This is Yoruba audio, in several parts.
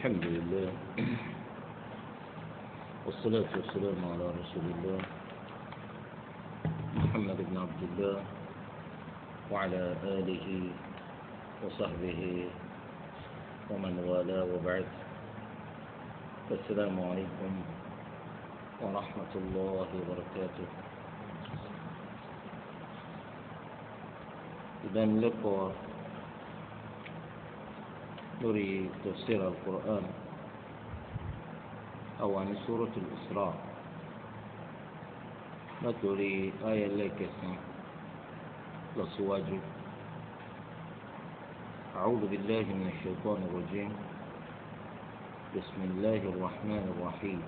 الحمد لله والصلاة والسلام على رسول الله محمد بن عبد الله وعلى آله وصحبه ومن والاه وبعد السلام عليكم ورحمة الله وبركاته إذا لقوا نري تفسير القرآن أو عن سورة الإسراء تري آية لك لصواجه أعوذ بالله من الشيطان الرجيم بسم الله الرحمن الرحيم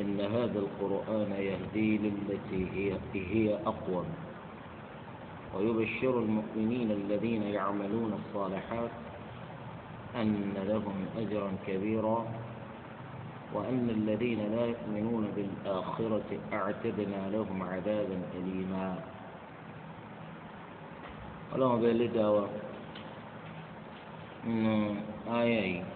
إن هذا القرآن يهدي للتي هي, هي أقوم ويبشر المؤمنين الذين يعملون الصالحات أن لهم أجرا كبيرا وأن الذين لا يؤمنون بالآخرة أعتدنا لهم عذابا أليما ولو بلد lé dáwà nínú ayé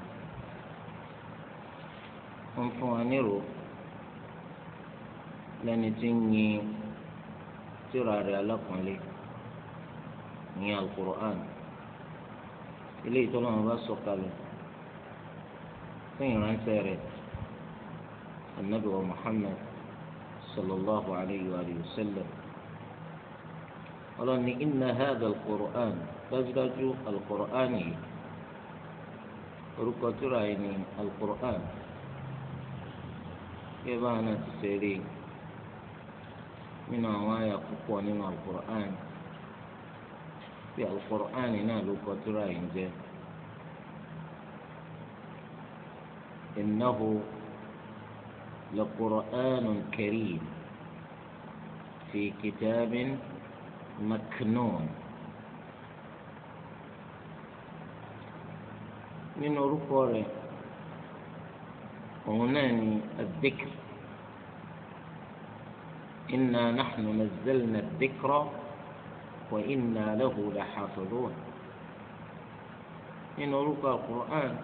yìí ó ń ní alukur'an ilé ìtọ́lọ́wọ́n bá sọ̀kalẹ̀ fún ìránṣẹ́ rẹ̀ anabi wa muhammed sallallahu alayhi wa sallam ọlọ́ni iná hàdà alukur'an dájúdájú alukur'an yìí orúkọ tura yìí ni alukur'an kí ẹ bá wọn ti ṣe nínú àwọn àyà púpọ̀ nínú alukur'an yìí. pé alukur'an náà ló kọ tírà yìí jẹ innahu lakur'anun karim fi kitabin maknun nínú orúkọ rẹ̀ òun náà ni adikr inna nahnu nazzalna adikr. وإنا له لحافظون إن رقى القرآن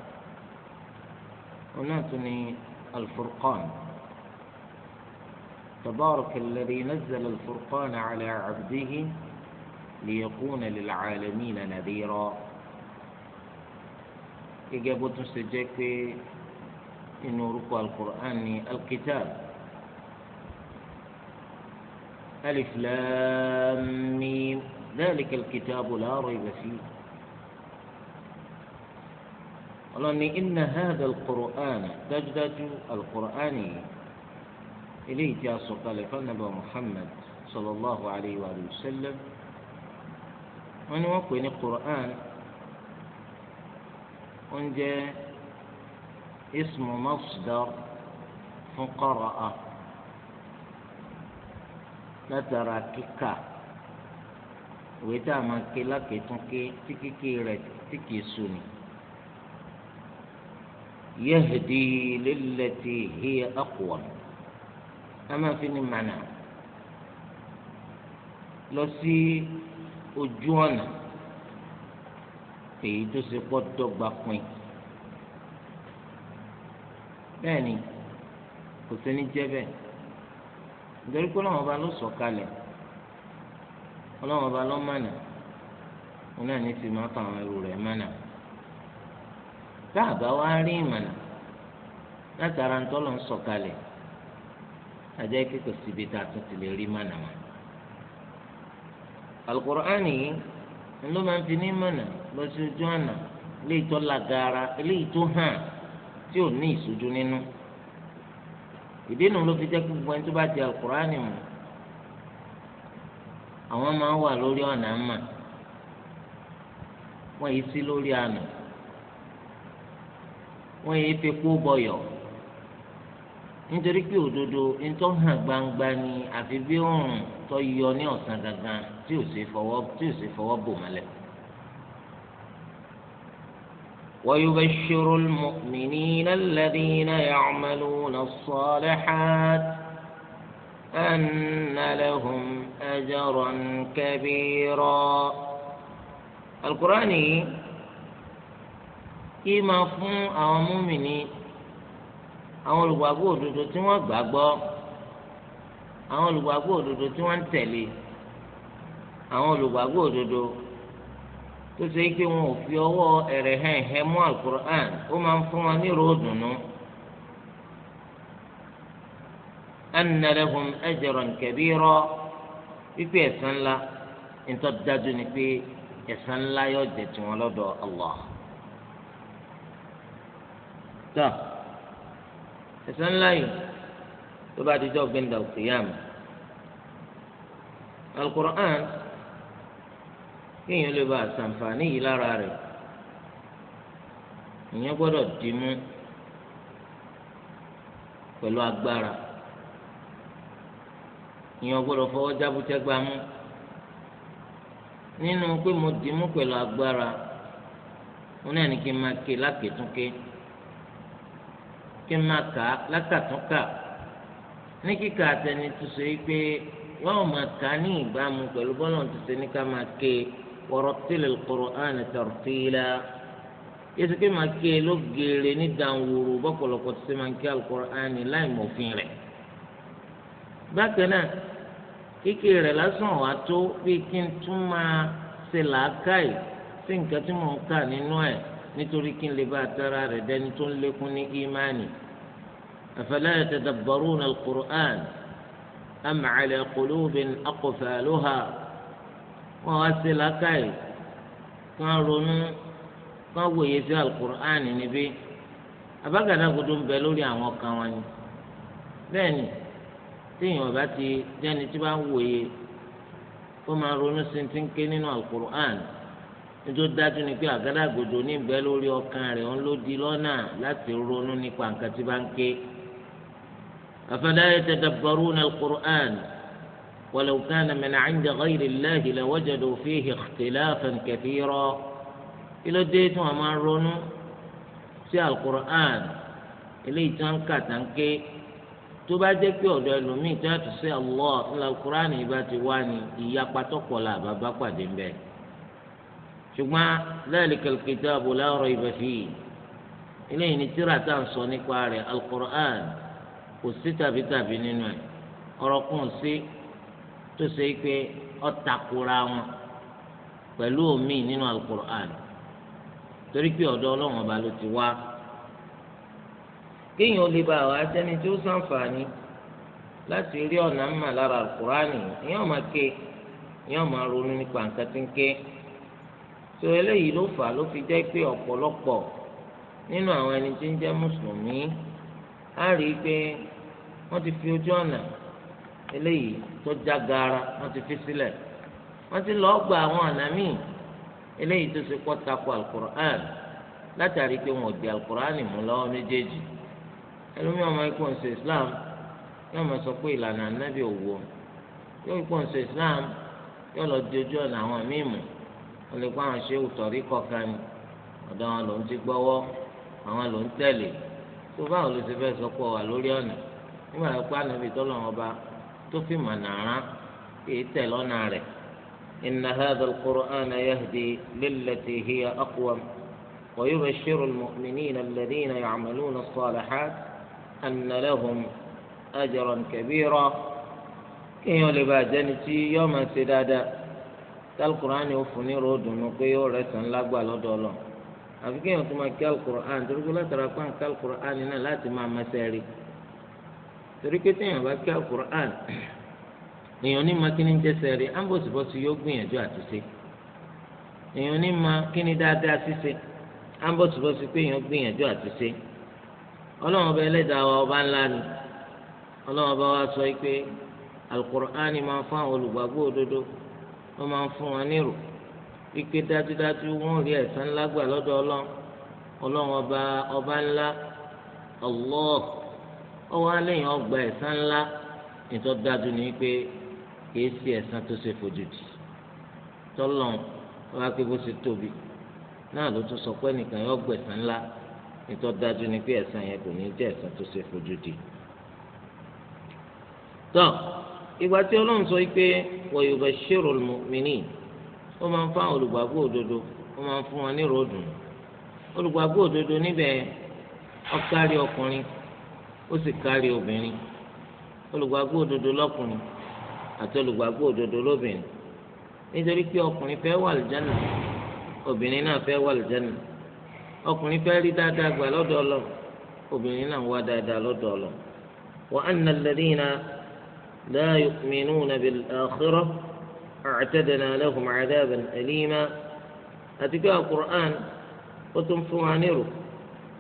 وناتني الفرقان تبارك الذي نزل الفرقان على عبده ليكون للعالمين نذيرا إجابة سجاك إن رقى القرآن الكتاب ألف لام ميم ذلك الكتاب لا ريب فيه قالوا إن هذا القرآن تجدد القرآن إليه يا سلطان النبي محمد صلى الله عليه وآله وسلم من وقين القرآن عند اسم مصدر فقرأه látara kíkà ìwé tá a máa ké lákètúnké tí kíké rẹ̀ tí kìí sùnì. yahdi lillati hiya aqwam a máa fi ní mànà lọ sí ojú ọ̀nà èyí tó ṣe pọ́ dọ́gba pin bẹ́ẹ̀ ni kò sí ní jẹ́ bẹ́ẹ̀ nítorí pé ọlọ́run ọba ló sọ kalẹ̀ ọlọ́run ọba ló mànà wọn náà ní ti máa fa àwọn ẹrù rẹ̀ mànà tá a bá wá rí ìmànà látara ń tọ́lọ̀ ń sọ kalẹ̀ àjẹ́ kíkọ síbi tá a tún ti lè rí mànà wọn. alukur'ani yìí ló máa ń fi ní mànà lọ sí ojú ọ̀nà eléyìí tó lagara eléyìí tó hàn tí ò ní ìṣojú nínú. No ìdí nu ló fi jẹ́ gbogbo ẹni tó bá di alukurani mu àwọn máa ń wà lórí ọ̀nà mà wọ́n yìí sí lórí àná wọ́n yìí fi kú bọ̀yọ̀ nítorí pé òdodo ntọ́ hàn gbangba ni àfi bí òòrùn tó yọ ní ọ̀sán gangan tí ò sì fọwọ́ bò mọ́lẹ̀. ويبشر المؤمنين الذين يعملون الصالحات أن لهم أجرا كبيرا القرآن إما فون أو مؤمنين àwọn olùgbàgbọ́ òdodo tí wọ́n gbàgbọ́ àwọn olùgbàgbọ́ òdodo tí wọ́n ń tẹ̀lé àwọn olùgbàgbọ́ òdodo tó ṣe pé wọn ò fi ọwọ́ ẹ̀rẹ̀ hàn hẹ́ alukur'an ó máa ń fún wọn ní ròdùnú. anna lahum ajran kabira wípé ẹ̀san ńlá dájú ni pé ẹ̀san ńlá yóò jẹ́ tiwọn lọ́dọ̀ Allah. tó ẹ̀san ńlá yìí tó bá dijọ́ gbẹ̀ndà òkè yá mi kéèyàn lè bá àṣàǹfààní yìí lára rẹ̀ ìyẹn gbọ́dọ̀ dì mú pẹ̀lú agbára ìyẹn gbọ́dọ̀ fọwọ́ jábútẹ́ gbá mú nínú pé mo dì mú pẹ̀lú agbára mo náà ní kí n máa ké lákètúnké kí n máa kà á lákàtúnkà ní kíkà àtẹni yìí pé wọ́n máa kà á ní ìbámu pẹ̀lú bọ́lọ̀ tó ṣe ní ká máa ké e. ورتل القرآن ترتيلا يسكي ما كي لغيري ندان وروبك ولقد سمان كي القرآن لا يموفين لك بكنا kíkì rẹ̀ lásán wá tó bí kí n tún máa ṣe làákàyè sí nǹkan tí mò ń kà nínú ẹ̀ nítorí kí n lè bá tara rẹ̀ dẹni tó ń lékún ní ìmánì. أفلا يتدبرون القرآن أم على قلوب أقفالها wọn wá ṣe làákàyè kan ronú kan wòye sí alukur'an níbí abágàdàgodo ń bẹ lórí àwọn kan wọn ni bẹ́ẹ̀ ni téèyàn bá ti jẹ́ni tí bá ń wòye kó máa ronú sí ti ń ké nínú alukur'an nítorí dájú ni pé àgádágodo ní bẹ lórí ọkàn rẹ̀ òun ló di lọ́nà láti ronú nípa nǹkan tí bá ń ké afala yatadabbaruna alukur'an. ولو كان من عند غير الله لوجدوا فيه اختلافا كثيرا إلى ديت وما رونو سي القرآن إلي تنكا تنكي تبادي كيو دلومي تاتو سي الله إلى القرآن يباتي واني إياقا تقولا بابا قادم به شما ذلك الكتاب لا ريب فيه إلي نترى تنصو نقاري القرآن وستة بتابي ننوي أرقون سي tó ṣe pé ọ̀tàkùrà wọn pẹ̀lú omi nínú alukur'an torí pé ọ̀dọ̀ ọlọ́run ọba ló ti wá kéèyàn lè bá àwọn asẹ́ni tí ó sàǹfààní láti rí ọ̀nà mọ̀ lára alukur'an ìyẹn máa ké ìyẹn máa ronú nípa nǹkan tí ń ké tó eléyìí ló fà ló fi jẹ́ pé ọ̀pọ̀lọpọ̀ nínú àwọn ẹni tí ń jẹ́ mùsùlùmí á rí i pé ti fi ojú ọ̀nà eléyìí tó já gaara wọ́n ti fi sílẹ̀ wọ́n ti lọ́ọ́ gba àwọn ọ̀nà míì eléyìí tó ṣe kọ́ tako alukur'an látàrí pé wọn ò di alukur'an mú lọ́wọ́ méjèèjì ẹlòmíràn máa kó ń islam yóò máa sọ pé ìlànà anábì òwò yóò kó ń ṣe islam yóò lọ di ojú ọ̀nà àwọn míì mú wọ́n lè kó àwọn ṣe òtọ̀rí kọ̀ọ̀kan ni ọ̀dọ̀ àwọn ló ń ti gbọ́wọ́ àwọn ló ń tẹ̀lé tó báwo ló ti fẹ́ sọ pé ọ wà lórí ọ̀nà nígbà tó pa anábì tọ́lọ́ wọn bá tó fi mọ̀nà ara èyí tẹ̀ lọ́nà إن هذا القرآن يهدي للتي هي أقوم ويبشر المؤمنين الذين يعملون الصالحات أن لهم أجرا كبيرا كي يولبا جنتي يوما سدادا القرآن يوفني رود نقي ورسن لقبا لدولو أفكي يوتما كالقرآن تقول لا ترى كالقرآن لا تمام مساري torí pé téèyàn bá kí alukur'an èèyàn ní ma kíni jẹsẹ rí ambosibosi yóò gbìyànjú àti ṣe èèyàn ní ma kíni dáadáa ṣíṣe ambosibosi pé èèyàn gbìyànjú àti ṣe ọlọ́run ọba ẹlẹ́dàá wa ọba ńlá ni ọlọ́run ọba wa sọ pé alukur'an máa fún àwọn olùgbàgbọ́ òdodo wọ́n máa fún wọn nírò ike dájúdájú wọ́n rí ẹ̀san ńlá gbà lọ́dọ̀ ọlọ́run ọlọ́run ọba ọba ńlá Allah. ó wá lẹ́yìn ọgbà ẹ̀san ńlá ètò dájú ni pé kìí ṣe ẹ̀san tó ṣe fojúdi tọ́lọ̀ wá pé bó ṣe tóbi náà ló tún sọ pé nìkan yọ ọgbà ẹ̀san ńlá ètò dájú ni pé ẹ̀san yẹn kò ní jẹ́ ẹ̀san tó ṣe fojúdi. tọ́ ìgbà tí ọlọ́run sọ pé wa yubashshirul mu'minin ó máa ń fáwọn olùgbàgbọ́ òdodo ó máa ń fún wọn ní ròdùn olùgbàgbọ́ òdodo níbẹ̀ ọkárí ọkùnrin ó sì kárí obìnrin olùgbàgbọ́ òdodo lọ́kùnrin àti olùgbàgbọ́ òdodo lóbìnrin nítorí pé ọkùnrin fẹ́ wà lìjánà obìnrin náà fẹ́ wà lìjánà ọkùnrin fẹ́ rí dáadáa gbà lọ́dọ̀ ọlọ obìnrin náà wá dáadáa lọ́dọ̀ ọlọ. wa anna alladhina la yu'minuna bil akhirah a'tadna lahum 'adaban alima àti pé Al-Qur'an ó tún fún wa nírò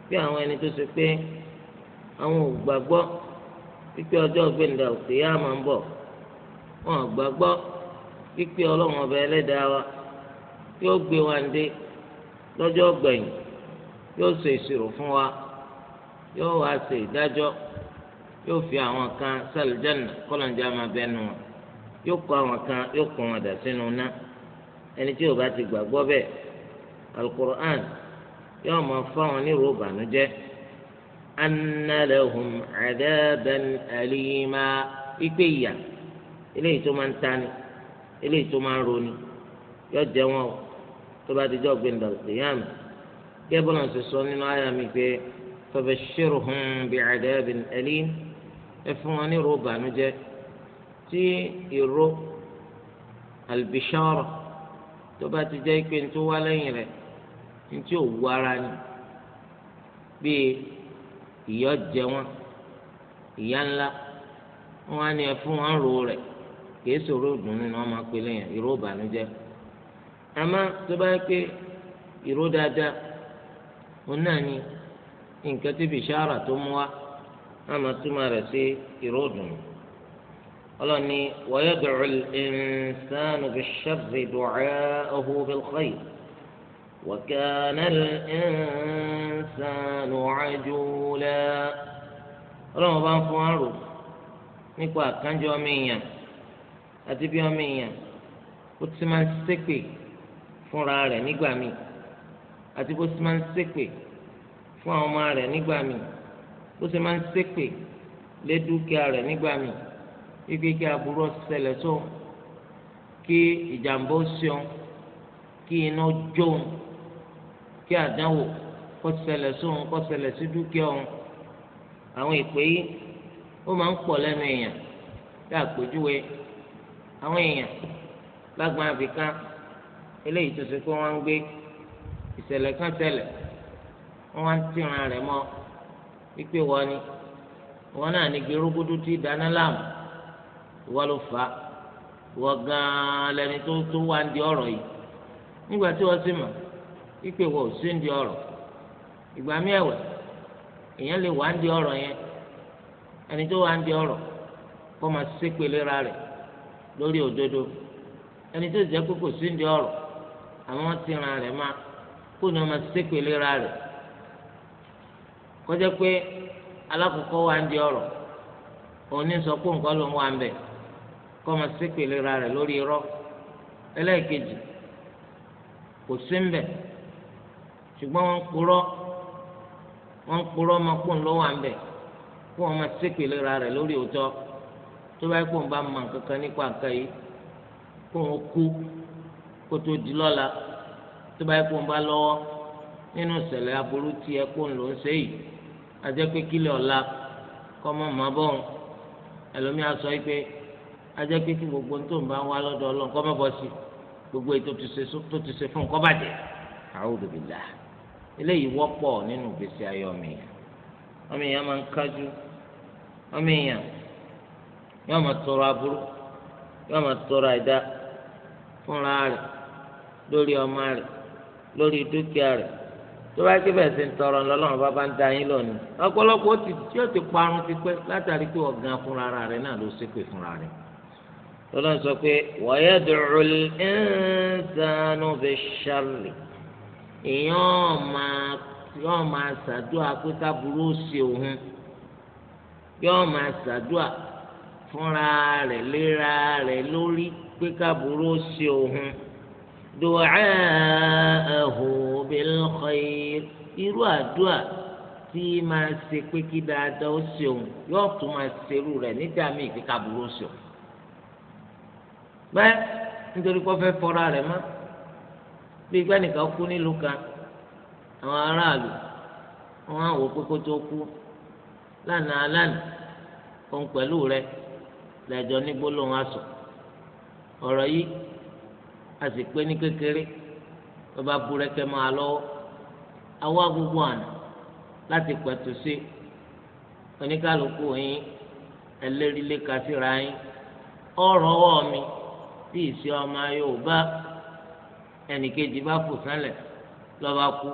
bí àwọn ẹni tó ṣe pé. àwọn ò gbàgbọ́ pípé ọjọ́ gbẹ̀ndà òkè yá máa ń bọ̀ wọn gbàgbọ́ pípé ọlọ́run ọba ẹlẹ́dàá wa yóò gbé wa ń dé lọ́jọ́ gbẹ̀yìn yóò ṣe ìṣirò fún wa yóò wá ṣe ìdájọ́ yóò fi àwọn kan máa bẹnu wọn yóò kọ́ àwọn kan yóò kọ́ wọn dà sínú ná ẹni tí ò bá ti gbàgbọ́ bẹ́ẹ̀ alukur'an yóò anna lahum adaban alima ipe ìyà eléyìí tó máa ń tani eléyìí tó máa ń roni yóò jẹ wọn o tó bá ti jẹ ọgbìn dàlùkìyàm kẹbọn àti sọ nínú àyà mi pé fabashshirhum bi adabin alim ẹ fún wọn ní ìró bànújẹ́ tí ìró albishara tó bá ti jẹ ipe ní tó wá lẹ́yìn rẹ̀ ní tí ò wú ara ni bíi. ìyá jẹ wọn ìyá ńlá wọn á ní ẹ fún wọn ro rẹ kìí sọ̀rọ̀ ìró ìbànújẹ́ àmọ́ tó bá yẹ pé ìró dáadáa náà ni nǹkan tí bìṣáàrà tó mú wá náà máa sí ìró ìdùnnú وكان الإنسان عجولا ọlọ́run bá ń fún àrò nípa àkànjọ ọmọ èèyàn àti bí ọmọ èèyàn ó ti máa ń ṣépè fúnra rẹ̀ nígbà míì àti bó ti máa ń ṣépè fún àwọn ọmọ rẹ̀ nígbà míì bó ti máa ń ṣépè lé dúkìá rẹ̀ nígbà míì wípé kí aburú ṣẹlẹ̀ sóun kí ìjàmbá ó ṣeun kí iná jóun kí àdánwò kó ṣẹlẹ̀ sóhun kó ṣẹlẹ̀ sí dúkìá òun àwọn ìpè yìí ó máa ń pọ̀ lẹ́nu èèyàn bí àpèjúwe àwọn èèyàn lágbọn àbíká eléyìí tó ṣe pé wọ́n ń gbé ìṣẹ̀lẹ̀ kan ṣẹlẹ̀ wọ́n wá ń tìran rẹ̀ mọ́ wípé wọ́n ni wọ́n náà ní gerugudu tí dáná láàmú ìwọ ló fà á ìwọ gan-an lẹni tó tó wá ń di ọ̀rọ̀ yìí nígbà tí wọ́n sì mọ̀ ipe wọ òsì ndị di ọ̀rọ̀ ìgbà mí ẹ̀wẹ̀ èèyàn lè wà ń di ọ̀rọ̀ yẹn ẹni tó wà si di ọ̀rọ̀ kó máa ṣépele ra lórí òdodo ẹni tó jẹ́ pé sí ń di àwọn ti ràn rẹ̀ má kó ní ọmọ ṣépele ra rẹ̀ kọjá pé alákòókò wà ń si òní sọ pé nǹkan ló ń wà ṣùgbọ́n wọ́n kúrọ́ wọ́n kúrọ́ ọmọ pọ̀ ńlọ́wọ́ à ń bẹ̀ kó wọn máa ṣépèlé ra rẹ̀ lórí òótọ́ tó bá yẹ kó wọn bá mọ nǹkan kan nípa nǹkan yìí kó wọn kú kó tó di lọ́la tó bá yẹ kó wọn bá lọ́wọ́ nínú ìṣẹ̀lẹ̀ aburú tí ẹ kó ńlọ ń ṣe yìí ajẹ́ pé kílẹ̀ ọ̀la kọ́ mọ́ màá bọ̀ ọ́n ẹlòmíà sọ yìí pé ajẹ́ pé kí gbogbo tó ń bá wá lọ́dọ̀ ọlọ́run kọ́ mọ́ bọ́ sí gbogbo ètò tó ti ṣe fún un kọ́ bàjẹ́ a'udhu billah eléyìí wọ́pọ̀ nínú gbèsè ayé ọmọ èèyàn ọmọ èèyàn máa ń kájú ọmọ èèyàn yóò máa tọrọ aburú yóò máa tọrọ àìdá fúnra rẹ̀ lórí ọmọ rẹ̀ lórí dúkìá rẹ̀ tó bá ké bẹ́ẹ̀ sí ń tọrọ lọ́lọ́run bá bá ń da yín lónìí ọ̀pọ̀lọpọ̀ ó ti tí ó ti parun ti pẹ́ látàrí pé ọ̀gán fúnra rẹ̀ náà ló ṣépè fúnra rẹ̀ lọ́lọ́run sọ pé wọ́yẹ́ dùrùlì ń sànú fi ṣàrì èèyàn máa yọọ máa ṣàdúrà pé káburú ṣe òun yọọ máa ṣàdúrà fúnra rẹ̀ léra rẹ̀ lórí pé káburú ṣe òun du'aahu bil khair irú àdúrà tí máa ṣe pé kí dáadáa ó ṣe òun yóò tún máa ṣerú rẹ̀ nígbà míì pé káburú ṣe òun bẹ́ẹ̀ nítorí pé ó fẹ́ fọ́ra rẹ̀ mọ́ bí ìgbà nìkan kú nílùú kan àwọn aráàlú wọn á wò pé kó tó kú lánàá lánàá òun pẹ̀lú rẹ lẹ́jọ́ ní gbólóhùn aṣọ ọ̀rọ̀ yìí a sì pé ní kékeré bàbá burẹ́kẹ́ máa lọ́wọ́ awọ́ gbogbo àná láti pẹ̀tù sí oníkálukú yín ẹlẹ́rìí lé kásìrá yín ọ̀rọ̀ ọwọ́ mi tí ìṣe ọmọ Yorùbá. ẹnìkejì bá fò sálẹ̀ lọ́ba kú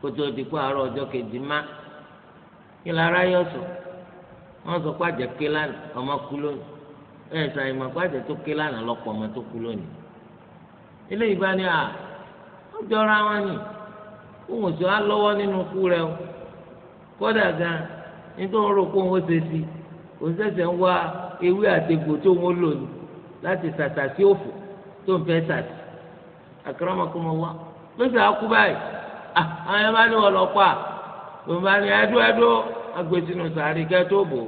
kótó di kó àárọ̀ ọjọ́ kejì má kí lára yọ sọ wọn sọ pé àjẹ ké lánàá ọmọ kú lónìí ẹ sọ mọ̀ pé tó ké lánàá lọ́pọ̀ ọmọ tó kú lónìí Ilé à jọra wọn ni òun sọ á lọ́wọ́ nínú kú rẹ o kódà gan nítorí rò ṣe sí òun ń akramakumullah lóṣù àkúbá yìí ah, àwọn yẹn bá ní wọn lọ pa wọn bá ní ẹdú ẹdú agbésínú sàárì kẹtó bò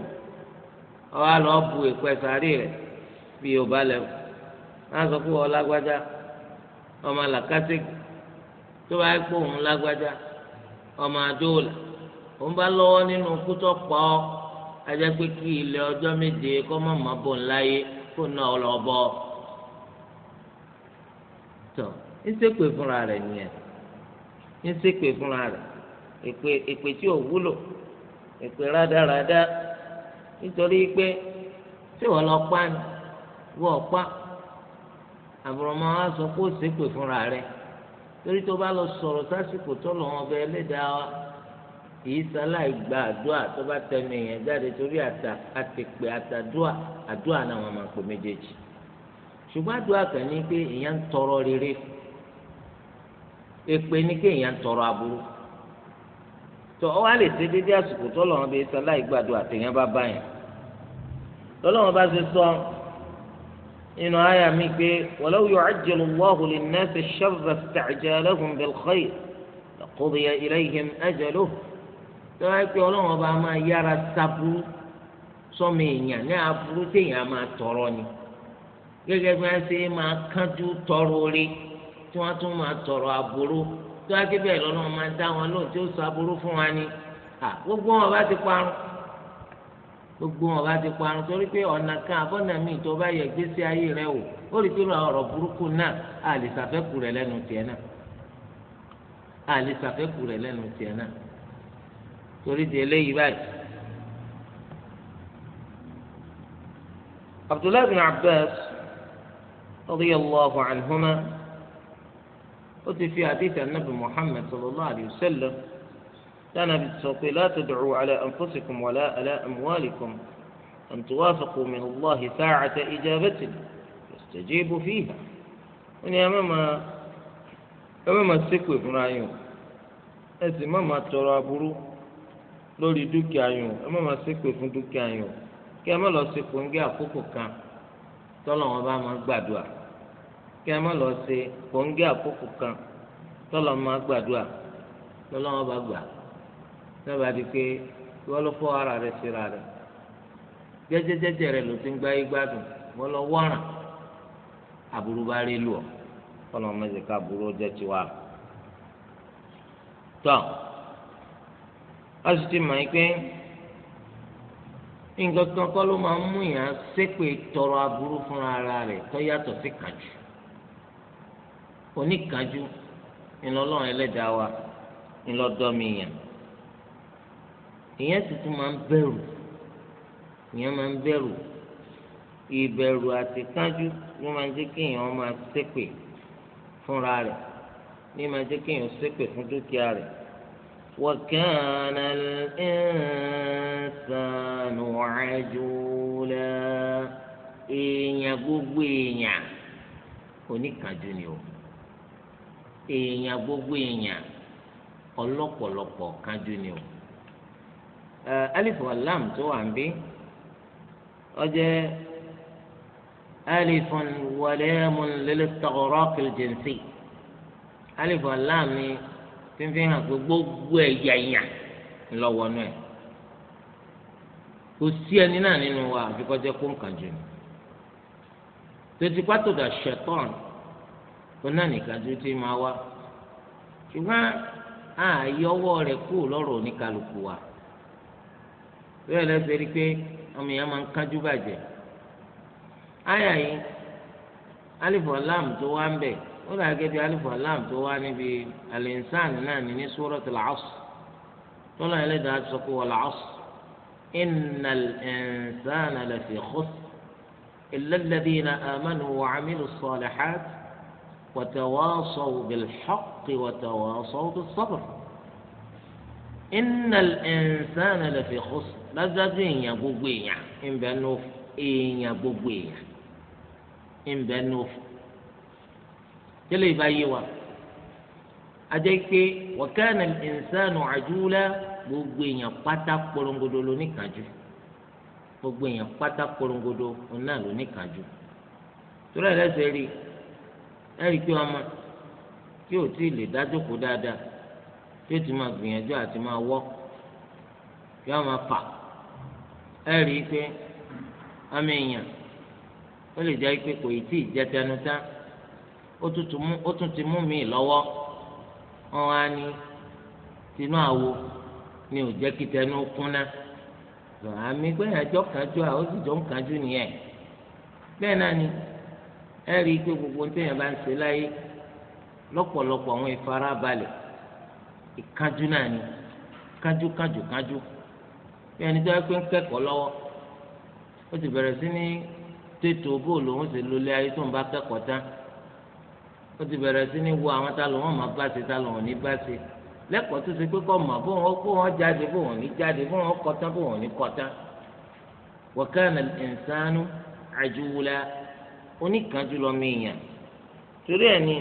bu èkó ẹ sàárì rẹ bí yorùbá lẹwọ wọn sọ pé wọn lágbájá ọmọ làkàtẹkì tó bá yẹ kó òun lágbájá ọmọ òun bá nínú pé kí ọjọ́ méje kọ́ mọ̀ mọ́ bò ńláyé kó ọ lọ bọ́ ọ. tó ńṣépè fúnra rẹ̀ nìyẹn ńṣépè fúnra rẹ̀ èpè èpè tí ò wúlò èpè rádaràda nítorí pé tí wọ́n lọ pa ni wọ́n pa àbùrọ̀mọ́ wa sọ pé ó ṣépè fúnra rẹ̀ torí tó bá lọ sọ̀rọ̀ sásìkò tó lọ́wọ́ ọbẹ̀ ẹlẹ́dàá wa kìí sáláì gba àdúrà tó bá tẹnu èèyàn jáde torí àtà àtìpé àtàdúà àdúà náà wọn máa pè méjèèjì ṣùgbọ́n àdúrà kan ní pé èèyàn ń tọrọ rere èpè ní pé èèyàn ń tọrọ aburú tó ọ wá lè ṣe déédéé àsìkò tọ́lọ́run bíi sáláì gbàdúrà tèèyàn bá bá yẹn lọ́lọ́run bá ṣe sọ inú àyà mi pé walau yu'ajjilu Allahu lin-nasi ash-sharra ista'jalahum bil-khayr laqudiya ilayhim ajaluhum tó wáyé pé ọlọ́run ọba máa yára sábúrú sọ́mi èèyàn ní aburú téèyàn máa tọrọ ni gẹ́gẹ́ bí wọ́n ṣe máa kánjú tọrọ orí tí wọ́n tún máa tọrọ aburú tó wá kébẹ̀ lọ́nà máa dá wọn lóhùn tí ó sọ aburú fún wa ni gbogbo wọn bá ti parun gbogbo wọn bá ti parun torí pé ọ̀nà kan àbọ̀nà míì tó bá yẹ gbèsè ayé rẹ wò ó rí pé ọ̀rọ̀ burúkú náà àlìsàfẹ́kù rẹ̀ lẹ́nu tiẹ̀ náà àlìsàfẹ́kù rẹ̀ lẹ́nu tiẹ̀ náà torí di eléyìí báyìí. Abdullahi bin Abbas. رضي الله عنهما وفي حديث النبي محمد صلى الله عليه وسلم كان بالسوق لا تدعوا على أنفسكم ولا على أموالكم أن توافقوا من الله ساعة إجابة يستجيب فيها وني أمام أمام السكو إبراهيم ẹsìn má máa tọrọ aburú lórí dúkìá yìí عيون ẹ má máa ṣépè fún dúkìá yìí o tọ́lọ̀ wọn bá máa gbàdúrà kí a má lọ ṣe kòńgé àkókò kan tọ́lọ̀ máa gbàdúrà tọ́lọ̀ wọn bá gbà náà di pé wọ́n fọ́ ara rẹ̀ síra rẹ̀ jẹ́jẹ́jẹ́jẹ́ rẹ̀ ló ti ń gbá yí gbádùn wọ́n lọ wọ́ràn aburú bá rí lù ọ́ tiwa. ọ sì ti mọ̀ ẹ́ nǹkan kan kọ́ ló máa ń mú yàn tọrọ aburú fúnra ara rẹ̀ tó yàtọ̀ sí kánjú oníkánjú ńlọlọ́run ẹlẹ́dàá wa ńlọdọ́mi ìyẹn tuntun máa ń bẹ̀rù ìyẹn máa ń bẹ̀rù ìbẹ̀rù àti kánjú ló máa ń jẹ́ kéèyàn máa ṣépè fúnra ní máa jẹ́ kéèyàn ṣépè fún dúkìá rẹ. وكان الإنسان عجولا èèyàn gbogbo èèyàn oníkánjú ni o èèyàn gbogbo èèyàn ọlọ́pọ̀lọpọ̀ kánjú ni o alif walam tó wà ń bí ó jẹ́ alif walamun lil-istighraq al-jinsi alif walam ni. tí ń hàn gbogbo ẹ̀yà ìyà ńlọ́wọ́ náà kò sí ẹni náà nínú wa àfikọ́jẹ́ kó ń kàn jù ní tètè pàtòdà ṣẹ̀tọ́n kó náà nìkan tó ti máa wá ṣùgbọ́n ààyè ọwọ́ rẹ̀ kú lọ́rọ̀ wa bẹ́ẹ̀ lẹ́sẹ̀ rí pé ọmọ yẹn máa ń kájú bàjẹ́ yìí lam tó wá ولا dà gẹ́gẹ́ bí alifu alam tó wá níbi alinsaani náà ní ní sórọ́tì làásù tọ́lá إن الإنسان لفي خسر إلا الذين آمنوا وعملوا الصالحات وتواصوا بالحق وتواصوا بالصبر إن الإنسان لفي خسر لازم يبوبيا إن بنوف إن يا يبوبيا إن بنوف tẹ́lẹ̀ ìbá yé wa ajẹ́ pé wa kana al-insanu ajula gbogbo èèyàn pátá porongodo ló ní kánjú gbogbo èèyàn pátá porongodo náà ló ní kánjú torí ẹ̀ lẹ́sẹ̀ rí ẹ̀ rí pé ọmọ tí ò tí ì lè dájókòó dáadáa tí ti máa gbìyànjú àti máa wọ́ kí wọ́n máa fà ẹ̀ rí ọmọ èèyàn ó lè jẹ́ pé kò ì tí ì ó tún ti mú mi lọ́wọ́ wọn á ní tinú àwo ni ò jẹ́ kí tẹnu kúnná àmì gbẹ̀yìn àjọ kanjú à ó ń nìyẹn bẹ́ẹ̀ náà ni ẹ rí i pé gbogbo téèyàn bá ń ṣe láyé lọ́pọ̀lọpọ̀ àwọn ìfarabalẹ̀ ìkanjú náà ni kanjú kanjú kanjú bí ẹni tó yẹ pé ń kẹ́kọ̀ọ́ lọ́wọ́ ó ti bẹ̀rẹ̀ sí ní tètò bóòlù òun sì lólé ayé tó ń bá kẹ́kọ̀ọ́ tán wọ́n ti bẹ̀rẹ̀ sí ní wo àwọn tá ló wọ́n máa bá ṣe tá ló wọ́n ní bá ṣe lẹ́kọ̀ọ́ tó ṣe pé kọ́ mọ̀ bó wọn kó wọn jáde bó wọn ní jáde bó wọn kọtán bó wọn ní kọtán. wa kana al oníkanjú lọ mìíyàn torí ẹ̀ ni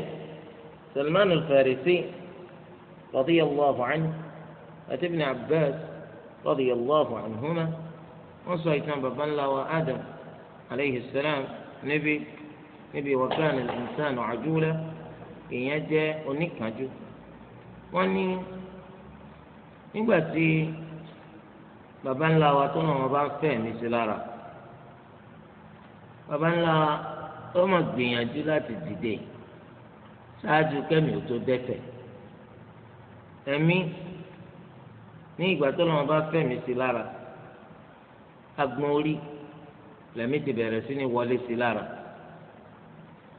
Salman al-Farisi radiyallahu anhu àti ibn Abbas radiyallahu anhuma wọ́n sọ ìtàn bàbá ńlá wa Adam alayhi salam níbi níbi wa kana al èèyàn jẹ́ oníkánjú wọ́n ní nígbà tí baba ńlá wa tó náà wọn bá ń fẹ́ mi sí lára baba ńlá ó mà gbìyànjú láti dìde ṣáájú kẹ́mi ò tó dẹ́tẹ̀ ẹ̀mí ní ìgbà tó náà wọn bá fẹ́ mi sí lára agbọn orí lẹ́mí ti bẹ̀rẹ̀ sí ní wọlé sí lára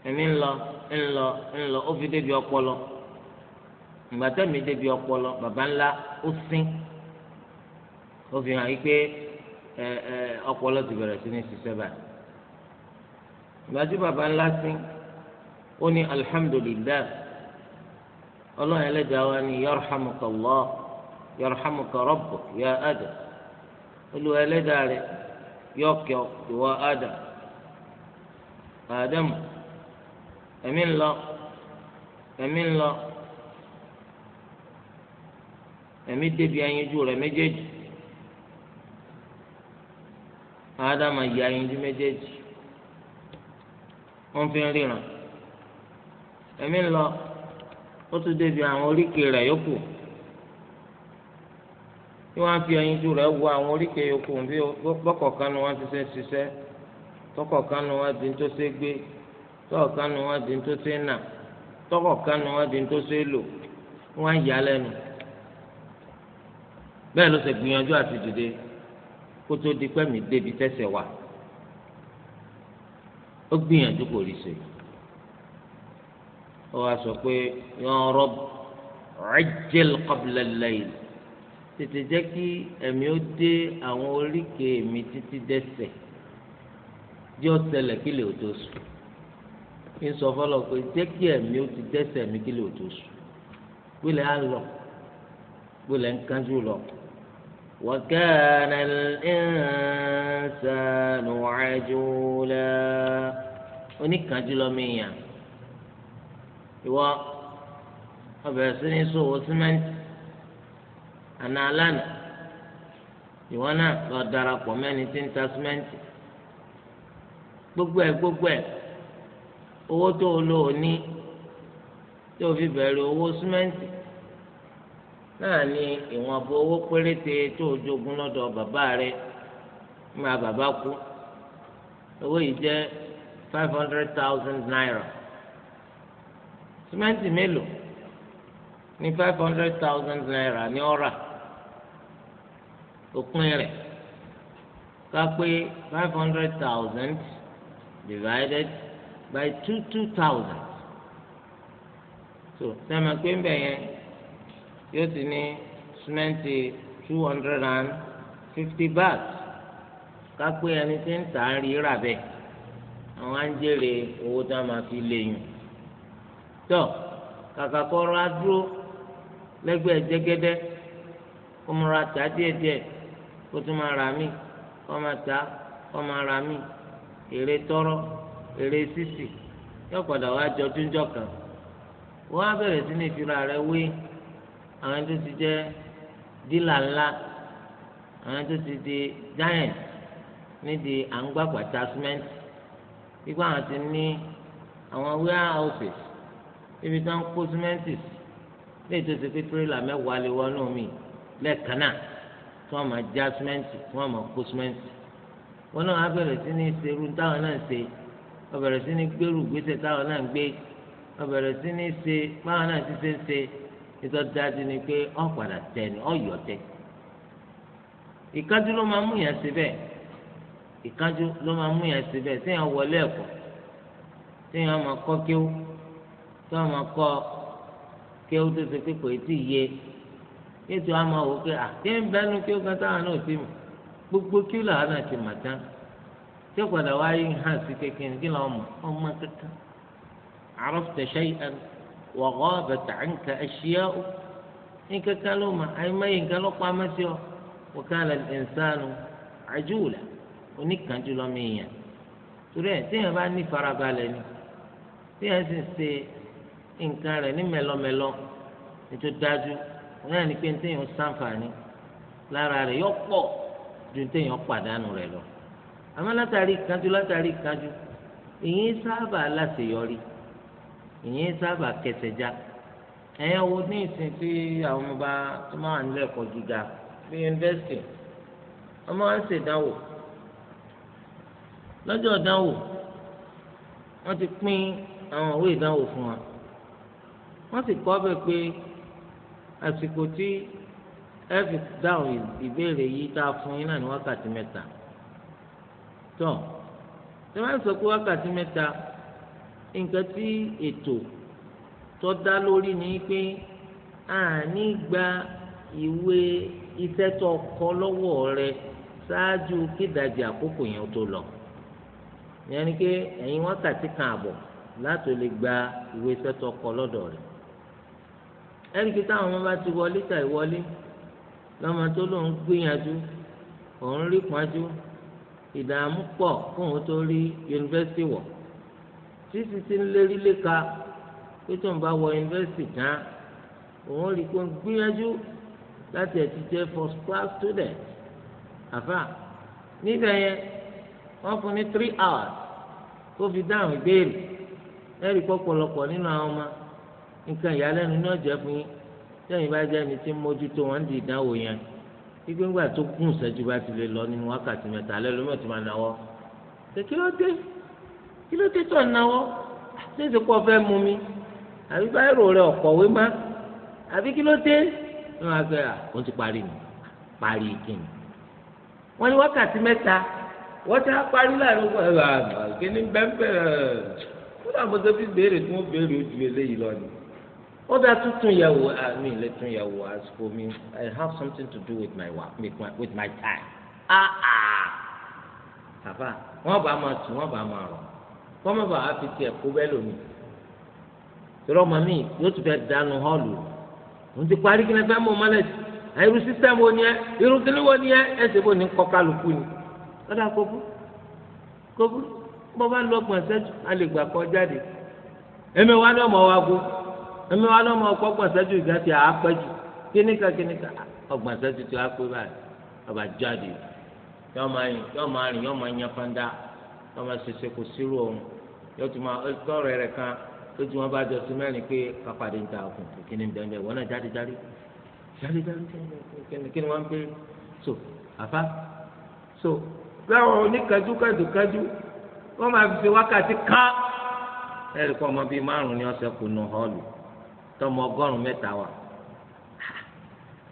ẹ̀mí ńlọ. ńlọ ńlọ ó fi débi ọpọlọ ìgbàtà mi débi ọpọlọ baba ńlá ó sín ó fi hàn yí ọpọlọ ti bẹ̀rẹ̀ sí ní ṣiṣẹ́ báyìí ìgbàtí baba ńlá sín ó ní alihamudulilayi ọlọ́run ẹlẹ́dàá wa ni ya ada olùwà ẹlẹ́dàá rẹ yọkẹ́ ìwọ ada adamu. ẹ̀mí ń lọ ẹ̀mí ń lọ ẹ̀mí débi ayinjú rẹ̀ méjèèjì ádámà yí ayinjú méjèèjì wọ́n fi ń ríran ẹ̀mí ń lọ ó tún débi àwọn oríkèé rẹ̀ yókù tí wọ́n fi ayinjú rẹ̀ wo àwọn oríkèé yókù bí bọ́kọ̀ọ̀kan ni wọ́n ti ṣe ń ṣiṣẹ́ tọkọ̀ọ̀kan ni wọ́n ti ń tó ṣe gbé tọ́ọ̀kan nu wọn di tó ṣe nà tọ́kọ̀kan nu wọn di tó ṣe lò wọ́n á yà lẹ́nu bẹ́ẹ̀ ló ṣe gbìyànjú àti dìde kó tó di pẹ́mì débi tẹ́sẹ̀ wà ó gbìyànjú kò rí ṣe ó wá sọ pé yan Rabb ajjil qabla al tètè jẹ́ kí ẹ̀mí ó dé àwọn oríkèé mi títí dẹ́sẹ̀ yóò ṣẹlẹ̀ kí lè ó tó sùn ń sọ fọlọ pé jẹ́ kí ẹ̀mí ó ti dẹ́ṣẹ̀ mi kí lè tó sùn wílẹ̀ á lọ wílẹ̀ ń kánjú lọ. وكان الإنسان عجولا oníkanjú lọ́mọ èèyàn ìwọ ọbẹ̀rẹ̀ sí ní ṣòwò símẹ́ǹtì àná alánà ìwọ náà lọ darapọ̀ mẹ́ni tí ń ta símẹ́ǹtì gbogbo ẹ̀ gbogbo ẹ̀ owó tó o lò ó ní tó o fi bẹ̀rẹ̀ owó símẹ́ǹtì náà ni ìwọ̀nba owó péréte tó o jogún lọ́dọ̀ bàbá rẹ máa bàbá kú owó yìí jẹ́ five hundred thousand naira símẹ́ǹtì mélòó ní five hundred thousand naira ní ọ̀rà òpin rẹ̀ ká pé five hundred thousand divided by two two thousand so sẹ́mi pé ń bẹ̀ yẹn yóò ti ní sìmẹ́ǹtì two hundred and fifty bags kápẹ́ ẹni tí ń tà ń rí rà bẹ́ẹ̀ àwọn á ń jèrè owó tá a máa fi léyìn tọ́ kàkà kọ́ra dúró lẹ́gbẹ̀ẹ́ jẹ́gẹ́dẹ́ kó múra tà díẹ̀díẹ̀ kó tún máa rà mí kó máa tà kó máa rà mí èrè tọ́rọ́ eré sísì yóò padà wá jọ dúnjọ kan wọ́n á bẹ̀rẹ̀ sí ní ìfira rẹ̀ wé àwọn tó ti jẹ́ dílà ńlá àwọn tó ti di giant nídìí à ń gbàgbà tasment wípé àwọn ti ní àwọn warehouses ibi tí wọ́n ń kó símẹ́ǹtì sí léyìí tó ti pé tírélà mẹ́wàá lè wọnú mi lẹ́ẹ̀kan náà tí wọ́n máa já símẹ́ǹtì tí wọ́n máa kó símẹ́ǹtì wọn náà á bẹ̀rẹ̀ sí ní ṣerú táwọn náà ń ṣe. obere bẹ̀rẹ̀ sí ní gbèrú gbèsè táwọn náà ń gbé si bẹ̀rẹ̀ sí ní ṣe báwọn náà ti ṣe ń ṣe ni pé ọ̀ padà ni ọ̀ yọ̀ tẹ. ìkájú ló máa mú yẹn síbẹ̀ ìkájú ló máa mú yẹn síbẹ̀ téèyàn wọlé ẹ̀kọ́ téèyàn máa kọ́ kéwú téèyàn máa kọ́ kéwú tó ṣe pé kò tí ì yé ètò àmọ́ wò pé àkéńbẹ́nu kéwú kan táwọn náà ti gbogbo kéwú làwọn náà ti tí ó padà hàn sí kékeré kí lọ́ọ́ mọ̀ ọmọ kankan àròftẹ̀ ṣẹ́yìn wọ̀gọ́ bẹ̀tà ńkà ẹ̀ṣíyá ó ní kankan ló mọ̀ àyèmáyé nǹkan ló pa amásí ọ wọ́kàlẹ̀ ẹ̀nsánu àjùwòlà oníkànjú lọ́mọ èèyàn torí ẹ̀ bá ní farabalẹ̀ ni téèyàn sì ṣe nǹkan rẹ̀ ní mẹ́lọ́mẹ́lọ́ ètò dájú wọn náà ní pé lára rẹ̀ yọ ju àmọ́ látàrí ìkánjú látàrí ìkánjú ìyẹn sábà láṣeyọrí ìyẹn sábà kẹsẹ̀já ẹ̀yàn wo ní ìsìn tí àwọn ọmọ bá tó máa ń lẹ́kọ̀ọ́ gíga bí yunifásitì wọ́n máa ń ṣèdánwò lọ́jọ́ ìdánwò wọ́n ti pín àwọn òwe ìdánwò fún wa wọ́n sì kọ́ bẹ́ẹ̀ pé àsìkò tí ẹ fi dáhùn ìbéèrè yìí tá a fún yín náà ní wákàtí mẹ́ta tán tí wọ́n sọ pé wákàtí mẹ́ta nǹkan tí ètò tó dá lórí ni pé àní gba ìwé iṣẹ́ tó kọ lọ́wọ́ rẹ ṣáájú kídàjì àkókò yẹn tó lọ ìyẹn ni pé ẹ̀yìn wákàtí kan àbọ̀ láti lè gba ìwé iṣẹ́ tó kọ lọ́dọ̀ rẹ ẹnìkí táwọn ọmọ bá ti wọlé tàì wọlé lọ́mọ tó lóun gbìyànjú òun rí pọ́njú ìdààmú pọ̀ fún òun tó rí yunifásitì wọ̀ títí tí ń lérí léka pé tó ń bá wọ yunifásitì tán òun rí kó ń gbìyànjú láti ẹ̀ jẹ́ first class student àfà níbẹ̀ yẹn wọ́n fún ní three hours kó fi dáhùn ìbéèrè ẹ̀rí pọ̀pọ̀lọpọ̀ nínú àwọn ọmọ nǹkan ìyàlẹ́nu ní ọ̀jẹ̀ fún yín sẹ́yìn bá jẹ́ ẹni tí ń mójútó wọn di ìdánwò yẹn igbe ńgbà tó kún ìṣẹ́jú bá ti lè lọ nínú wákàtí mẹ́ta alẹ́ lómi ọ̀tún máa náwọ́ ṣe kí ló dé kí ló dé tó ń náwọ́ ṣé èsì pọ̀ fẹ́ mú mi àbí báyìí rẹ̀ ọ̀kọ̀wé má àbí kí ló dé ní wọn àgbẹ̀ ó ti parí mi parí kíni wọ́n ní wákàtí mẹ́ta wọ́n ti parí láàrin ọgbà kíní bẹ́ẹ̀ bẹ́ẹ̀ kó dà mo fi béèrè tí wọ́n béèrè ojú eléyìí lọ ó dá tuntun yẹ̀wò ah, mi lè tún yẹ̀wò àsìkò mi i have something to do with my work with my, time ah ah bàbá wọn bá máa tún wọn bá máa rọ kọ́mọ́ bàbá fi tiẹ̀ kó bẹ́ẹ̀ lómi torí ọmọ mi yóò tún fẹ́ dànù họ́ọ̀lù òun ti parí kí ni fẹ́ mọ mọ́lẹ̀ sí ah, irú sísẹ́m wo ni ẹ irú kíní wo ni ẹ ẹsẹ̀ wo ni kọ́ kálukú ni lọ́dà kókó kókó bọ́ bá lọ́gbọ̀n sẹ́jú a lè gbà kọ́ jáde èmi wa ni ọmọ wa gbó ẹ̀mí wa lọ́mọ ọkọ̀ gbọ̀nsẹ́jú ìgbà tí a pẹ́ jù kíníkà kíníkà ọgbọ̀nsẹ́jú tí a pẹ́ báyìí ọba jáde yọ máa rìn yọ máa rìn yọ máa yan fanda yọ máa ṣẹṣẹ kò sírò ọ̀hún yọ tún máa tọrọ rẹ kan tó tún wọn bá jọ sí mẹ́rin pé kápádé ń ta ọkùn kíní bẹ́ẹ̀ wọn náà jáde jáde jáde jáde kíní wọn pé so àfa so báwọn oníkájú kájú kájú wọn máa fi ṣe wákàtí ká ẹ̀rí kọ́ ọmọ bíi márùn-ún ni ọ̀sẹ̀ tọmọ ọgọ́rùn mẹ́ta wà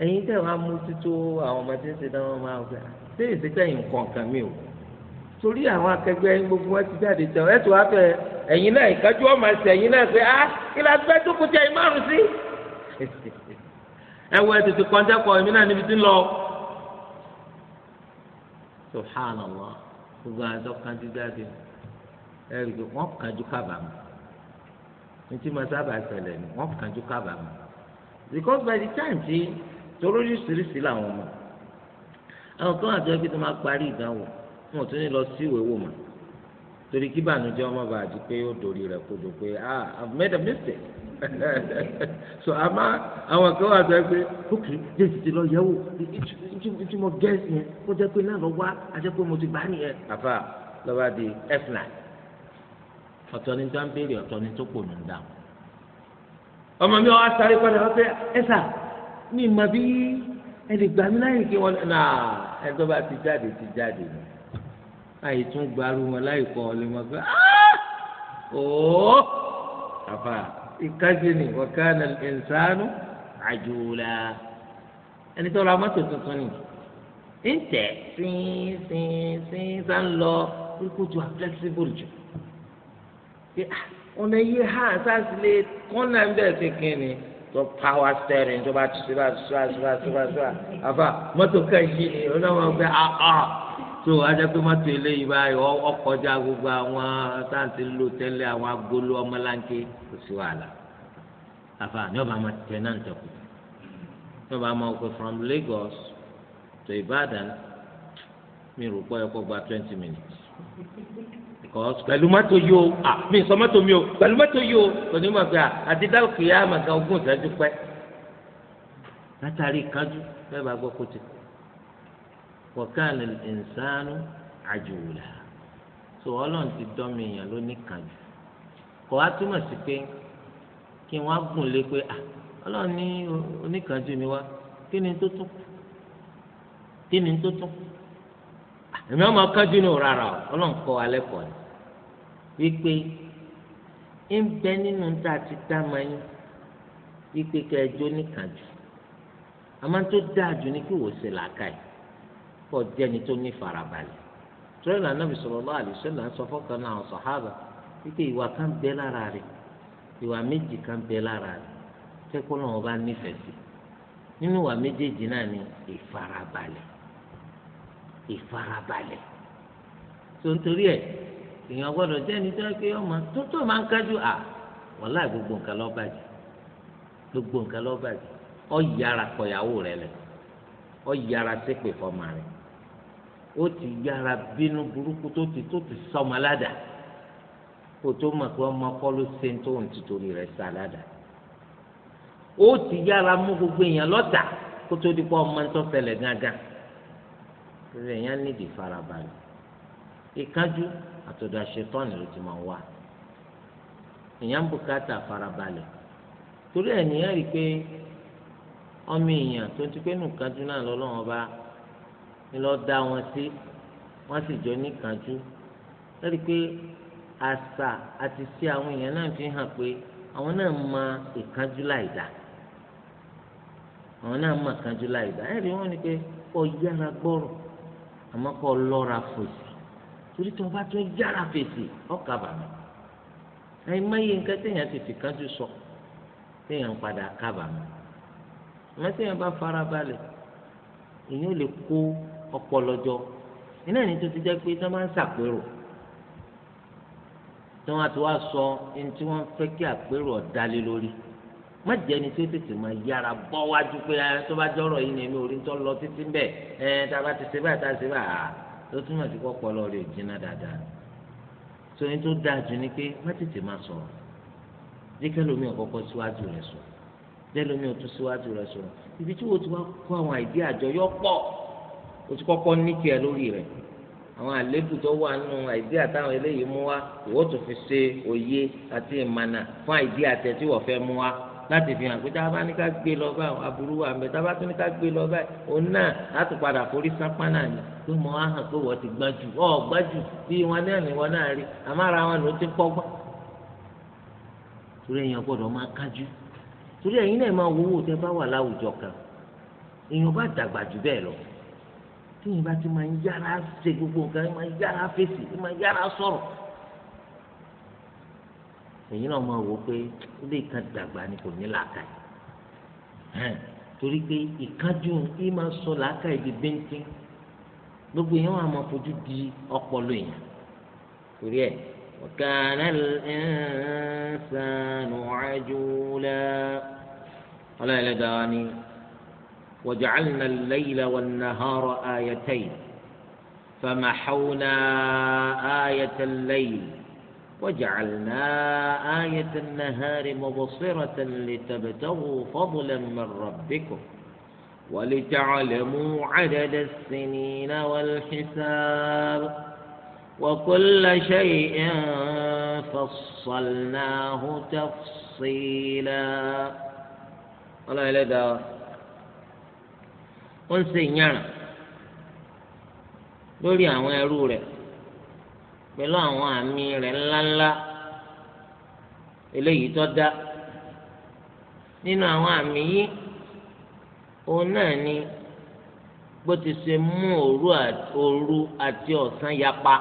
ẹ̀yin tẹ wàá mú títú àwọn ọmọ tí ń ṣe dáná máa ń gbà ṣé ìṣèkẹyìn nǹkan kan mi ò torí àwọn akẹgbẹ́ yín gbogbo wọn ti jáde tẹ ẹ tó wá fẹ ẹ̀yin náà ìkájú ọmọ ẹsẹ ẹ̀yin náà pé ah kí la fẹ́ tó kú jẹ ìmárùn sí. ẹ wọ ẹ tètè kọ́ńtẹ́kọ̀ èmi náà níbi tí ń lọ. subhanallah gbogbo àjọ kan ti jáde ẹ rí i pé wọ́n kàn ju kábàámọ̀ ní tí mo sábà ṣẹlẹ̀ ni wọ́n kàn ju kábàámọ̀ because by the time tí toró yìí ṣiríṣi làwọn ọmọ àwọn kan àti ẹgbẹ́ tó máa parí ìdánwò wọn ò tún ní lọ sí ìwé wò mọ́ torí kí bànújẹ́ ọmọ bá di pé ó dòrí rẹ̀ kodò pé ah I've made a mistake so àmọ́ àwọn kan wà sọ pé ókè jésù ti lọ yẹ̀wò tí mo gẹ́sì yẹn kó jẹ́ pé náà lọ wá àjẹpé mo ti bá nìyẹn. àfà lọ́ba di f nine ọ̀tọ̀ ni tó ń béèrè ọ̀tọ̀ ni tó pò ní ń dà ọmọ mi wá sáré padà wá pé ẹsà mi mà bí ẹnì gbà mí láyè kí wọn náà ẹjọ́ bá ti jáde ti jáde ni àyè tún gbaru wọn láyè kọ ọ lè mọ pé ah! ooo àfà ìkájẹ ni wa kana al ẹni tó ra mọ́tò tuntun ni ń tẹ̀ sín sín sín sá ń flexible jù ọ̀nà yìí hàn sásìlè kọ́nà ń bẹ̀ kékeré ni tó power steering tó bá ti ṣe bá ṣe bá ṣe bá ṣe bá ṣe àfa mọ́tò kan yìí ni ó náà wọ́n fẹ́ àá tó ajá pé mọ́tò eléyìí báyìí ọkọjá gbogbo àwọn táǹtì lò tẹ́lẹ̀ àwọn agolo ọmọláńké kò sí wàhálà àfa ní ọba máa tẹ náà tẹ̀kù ní ọba máa pè from Lagos to Ibadan mi rò pé ẹ gba twenty minutes. because pẹ̀lú mọ́tò yìí o mi sọ mọ́tò mi o pẹ̀lú mọ́tò ma fi ogún pẹ́ látàrí bẹ́ẹ̀ bá gbọ́ kó ti ọlọ́run ti dọ́mi èèyàn wá túmọ̀ sí pé kí wọ́n gùn lé pé à ọlọ́run ní ni wá kí ni tó tún kí wípé ń bẹ nínú tá a ti dá máa yín wípé a ẹ jó níkànjú àmọ́ tó dáa jù ní kí wò na ṣe làákàyè kó o jẹ́ni tó ní farabalẹ̀ tírẹ́là náà sọ fọ́kàn náà wípé ìwà kan bẹ lára rẹ̀ ìwà kan bẹ lára rẹ̀ tẹ́kọ́ náà wọ́n bá nífẹ̀ẹ́ sí nínú ìwà méjèèjì náà ni ìfarabalẹ̀ ìfarabalẹ̀ èèyàn gbọ́dọ̀ jẹ́ ẹni tó yẹ pé ọmọ tó tó máa ń kájú à wàláì gbogbo nǹkan ló bàjẹ́ gbogbo nǹkan ló bàjẹ́ ọ yára kọyàwó rẹ lẹ ọ yára ṣépè fọmọ rẹ ó ti yára bínú burúkú tó ti tó ti sọmọ ládàá kó tó mọ̀ pé ọmọ kọ́ ló ṣe ń sá ládàá ó ti yára mú gbogbo èèyàn lọ́tà kó tó di pé ọmọ tó fẹlẹ̀ gángan rẹ̀ yẹn nídìí farabalẹ̀ ìkánjú. E àtọ̀dọ̀ àṣetọ́ni ló ti máa wà èèyàn ń bùkátà farabalẹ̀ torí ẹ̀ nìyẹn rí i pé ọmọ èèyàn tó ti pé nùkanjú náà lọ́lọ́wọ́n bá ń lọ dá wọn sí wọ́n sì jọ níkanjú lórí pé àṣà àti sí àwọn èèyàn náà fi hàn pé àwọn náà mọ ìkanjú láìdá àwọn náà mọ ìkanjú láìdá ẹ̀rí wọn ni pé kọ́ yára gbọ́rọ̀ àmọ́ kọ́ lọ́ra fòsì torí tí wọn bá tún yára fèsì ọkà bàmí ẹyin mẹyìn nǹkan téèyàn ti fi kájú sọ téèyàn padà kábàámọ̀ àmọ́ téèyàn bá fara balẹ̀ èyàn lè kó ọpọlọjọ iná ní tó ti jẹ́ pé tí ń ṣàpérò tí wọn àti wá sọ ẹni tí wọn fẹ́ kí àpérò ọdálé lórí má jẹ́ ẹni tí ó tètè máa yára bọ́ wájú pé tó bá jọ̀rọ̀ yìí ni èmi ò rí ń tọ́ lọ títí bẹ́ẹ̀ ẹ̀ tá a bá ti ṣe báyìí tá a ṣe báyìí ló túmọ̀ sí kọ́ pọlọ rẹ̀ jìnnà dáadáa tó ní tó dáa jù ni pé má tètè má sọ̀rọ̀ díkẹ́ lómi ọ̀kọ́kọ́ síwájú rẹ̀ sọ díẹ̀ lómi ọ̀tún síwájú rẹ̀ sọ ibi tí wo ti wá kó àwọn àìdí àjọ yọ pọ̀ o ti kọ́kọ́ ní tiẹ̀ lórí rẹ̀ àwọn àléébù tó wà nù àìdí àtàwọn eléyìí mú wa ìwọ́n tó fi ṣe òye àti ìmànà fún àìdí àtẹ tí wọ́n fẹ́ mú wa láti fi hàn pé tá a bá ní ká gbé lọ báyìí aburú wa mẹ tá a bá tún ní ká gbé lọ báyìí òun náà láti padà forí sápá náà ni pé mo á hàn pé wọ́n ti gbájú ọ̀ gbájú bí wọn náà ni wọn náà rí àmàrà ara wọn ló ti ń pọ́gbọ́n. torí èèyàn gbọ́dọ̀ máa kájú torí ẹ̀yin náà máa wọ́wọ́ tẹ bá wà láwùjọ kan èèyàn bá dàgbà jù bẹ́ẹ̀ lọ tíyìn bá ti máa yára ṣe gbogbo nǹkan máa yára fèsì máa yára sọ̀rọ̀ èyí náà máa wò pé ó lè kan dàgbà ni kò ní làákà yìí torí pé ìkájú yìí máa sọ làákà yìí di bíntín gbogbo èèyàn wà máa fojú di ọpọlọ èèyàn torí ẹ وكان الإنسان عجولا ولا لداني وجعلنا الليل والنهار آيتين فمحونا آية الليل وجعلنا آية النهار مبصرة لتبتغوا فضلا من ربكم ولتعلموا عدد السنين والحساب وكل شيء فصلناه تفصيلا ولا لدى قل نعم لولي عن pẹ̀lú àwọn àmì rẹ̀ ńláńlá eléyìí tó dá nínú àwọn àmì yìí òun náà ni bó ti ṣe mú òru àti ọ̀sán yapa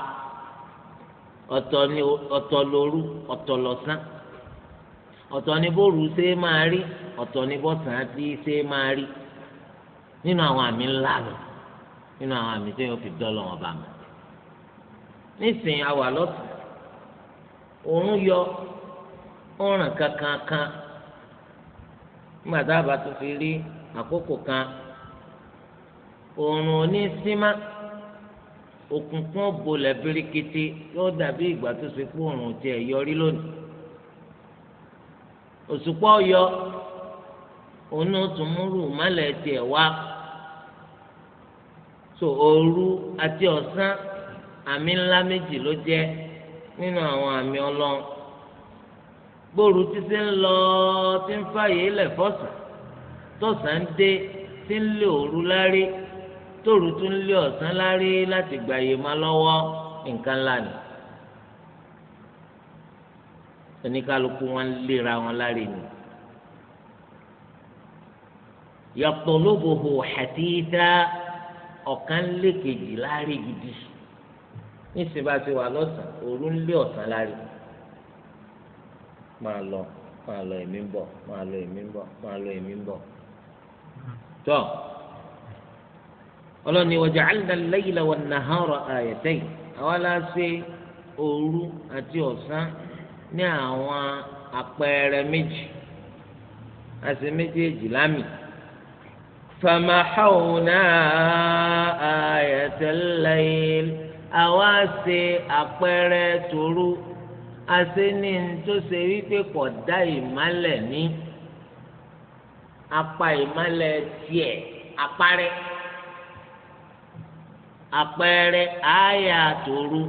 ọ̀tọ̀ lóru ọ̀tọ̀ lọ́sán ọ̀tọ̀ ni bóru ṣe máa rí ọ̀tọ̀ ni bọ́sàn ti ṣe máa rí nínú àwọn àmì ńlá rẹ̀ nínú àwọn àmì tí yóò fi dọ́lọ́ wọn bá mọ́. nísìnyí awa wà lọ́tún òun yọ ọ̀ràn kankan kan nígbà tá a bá tún fi rí àkókò kan òòrùn onísímá òkùnkùn bolẹ̀ birikiti yóò dàbí ìgbà tó ṣe pé òòrùn tiẹ̀ yọrí lónìí òṣùpá yọ òun tún múrù mọ́lẹ̀ tiẹ̀ wá so òru àti ọ̀sán àmì ńlá méjì ló jẹ́ nínú àwọn àmì ọlọ́run gbòòrò títí ń lọ tí ń fàyè ilẹ̀ fọ́sùn tọ̀sán ń dé tí ń lé òru lárí tóòrù tún lé ọ̀sán lárí láti gbàyè má lọ́wọ́ nǹkan ńlá ni oníkálukú wọn léra wọn lárí ni yàtọ̀ hàtìtà ọ̀kan lé kejì lárí gidi níṣẹ́ bá ti wà lọ́sàn òru ń lé ọ̀sán lárí máa lọ máa lọ èmi ń bọ̀ máa lọ èmi ń bọ̀ máa lọ èmi ń bọ̀ tó ọlọ́ni waja'alna al-layla wan-nahara àwa la ṣe òru àti ọ̀sán ní àwọn àpẹẹrẹ méjì a méjèèjì lámì. فمحونا آية àwa ṣe àpẹẹrẹ tòru àṣe ní tó ṣe wípé kò dá ìmálẹ̀ ní apá ìmálẹ̀ tiẹ̀ apárẹ́ àpẹẹrẹ àáyà tòru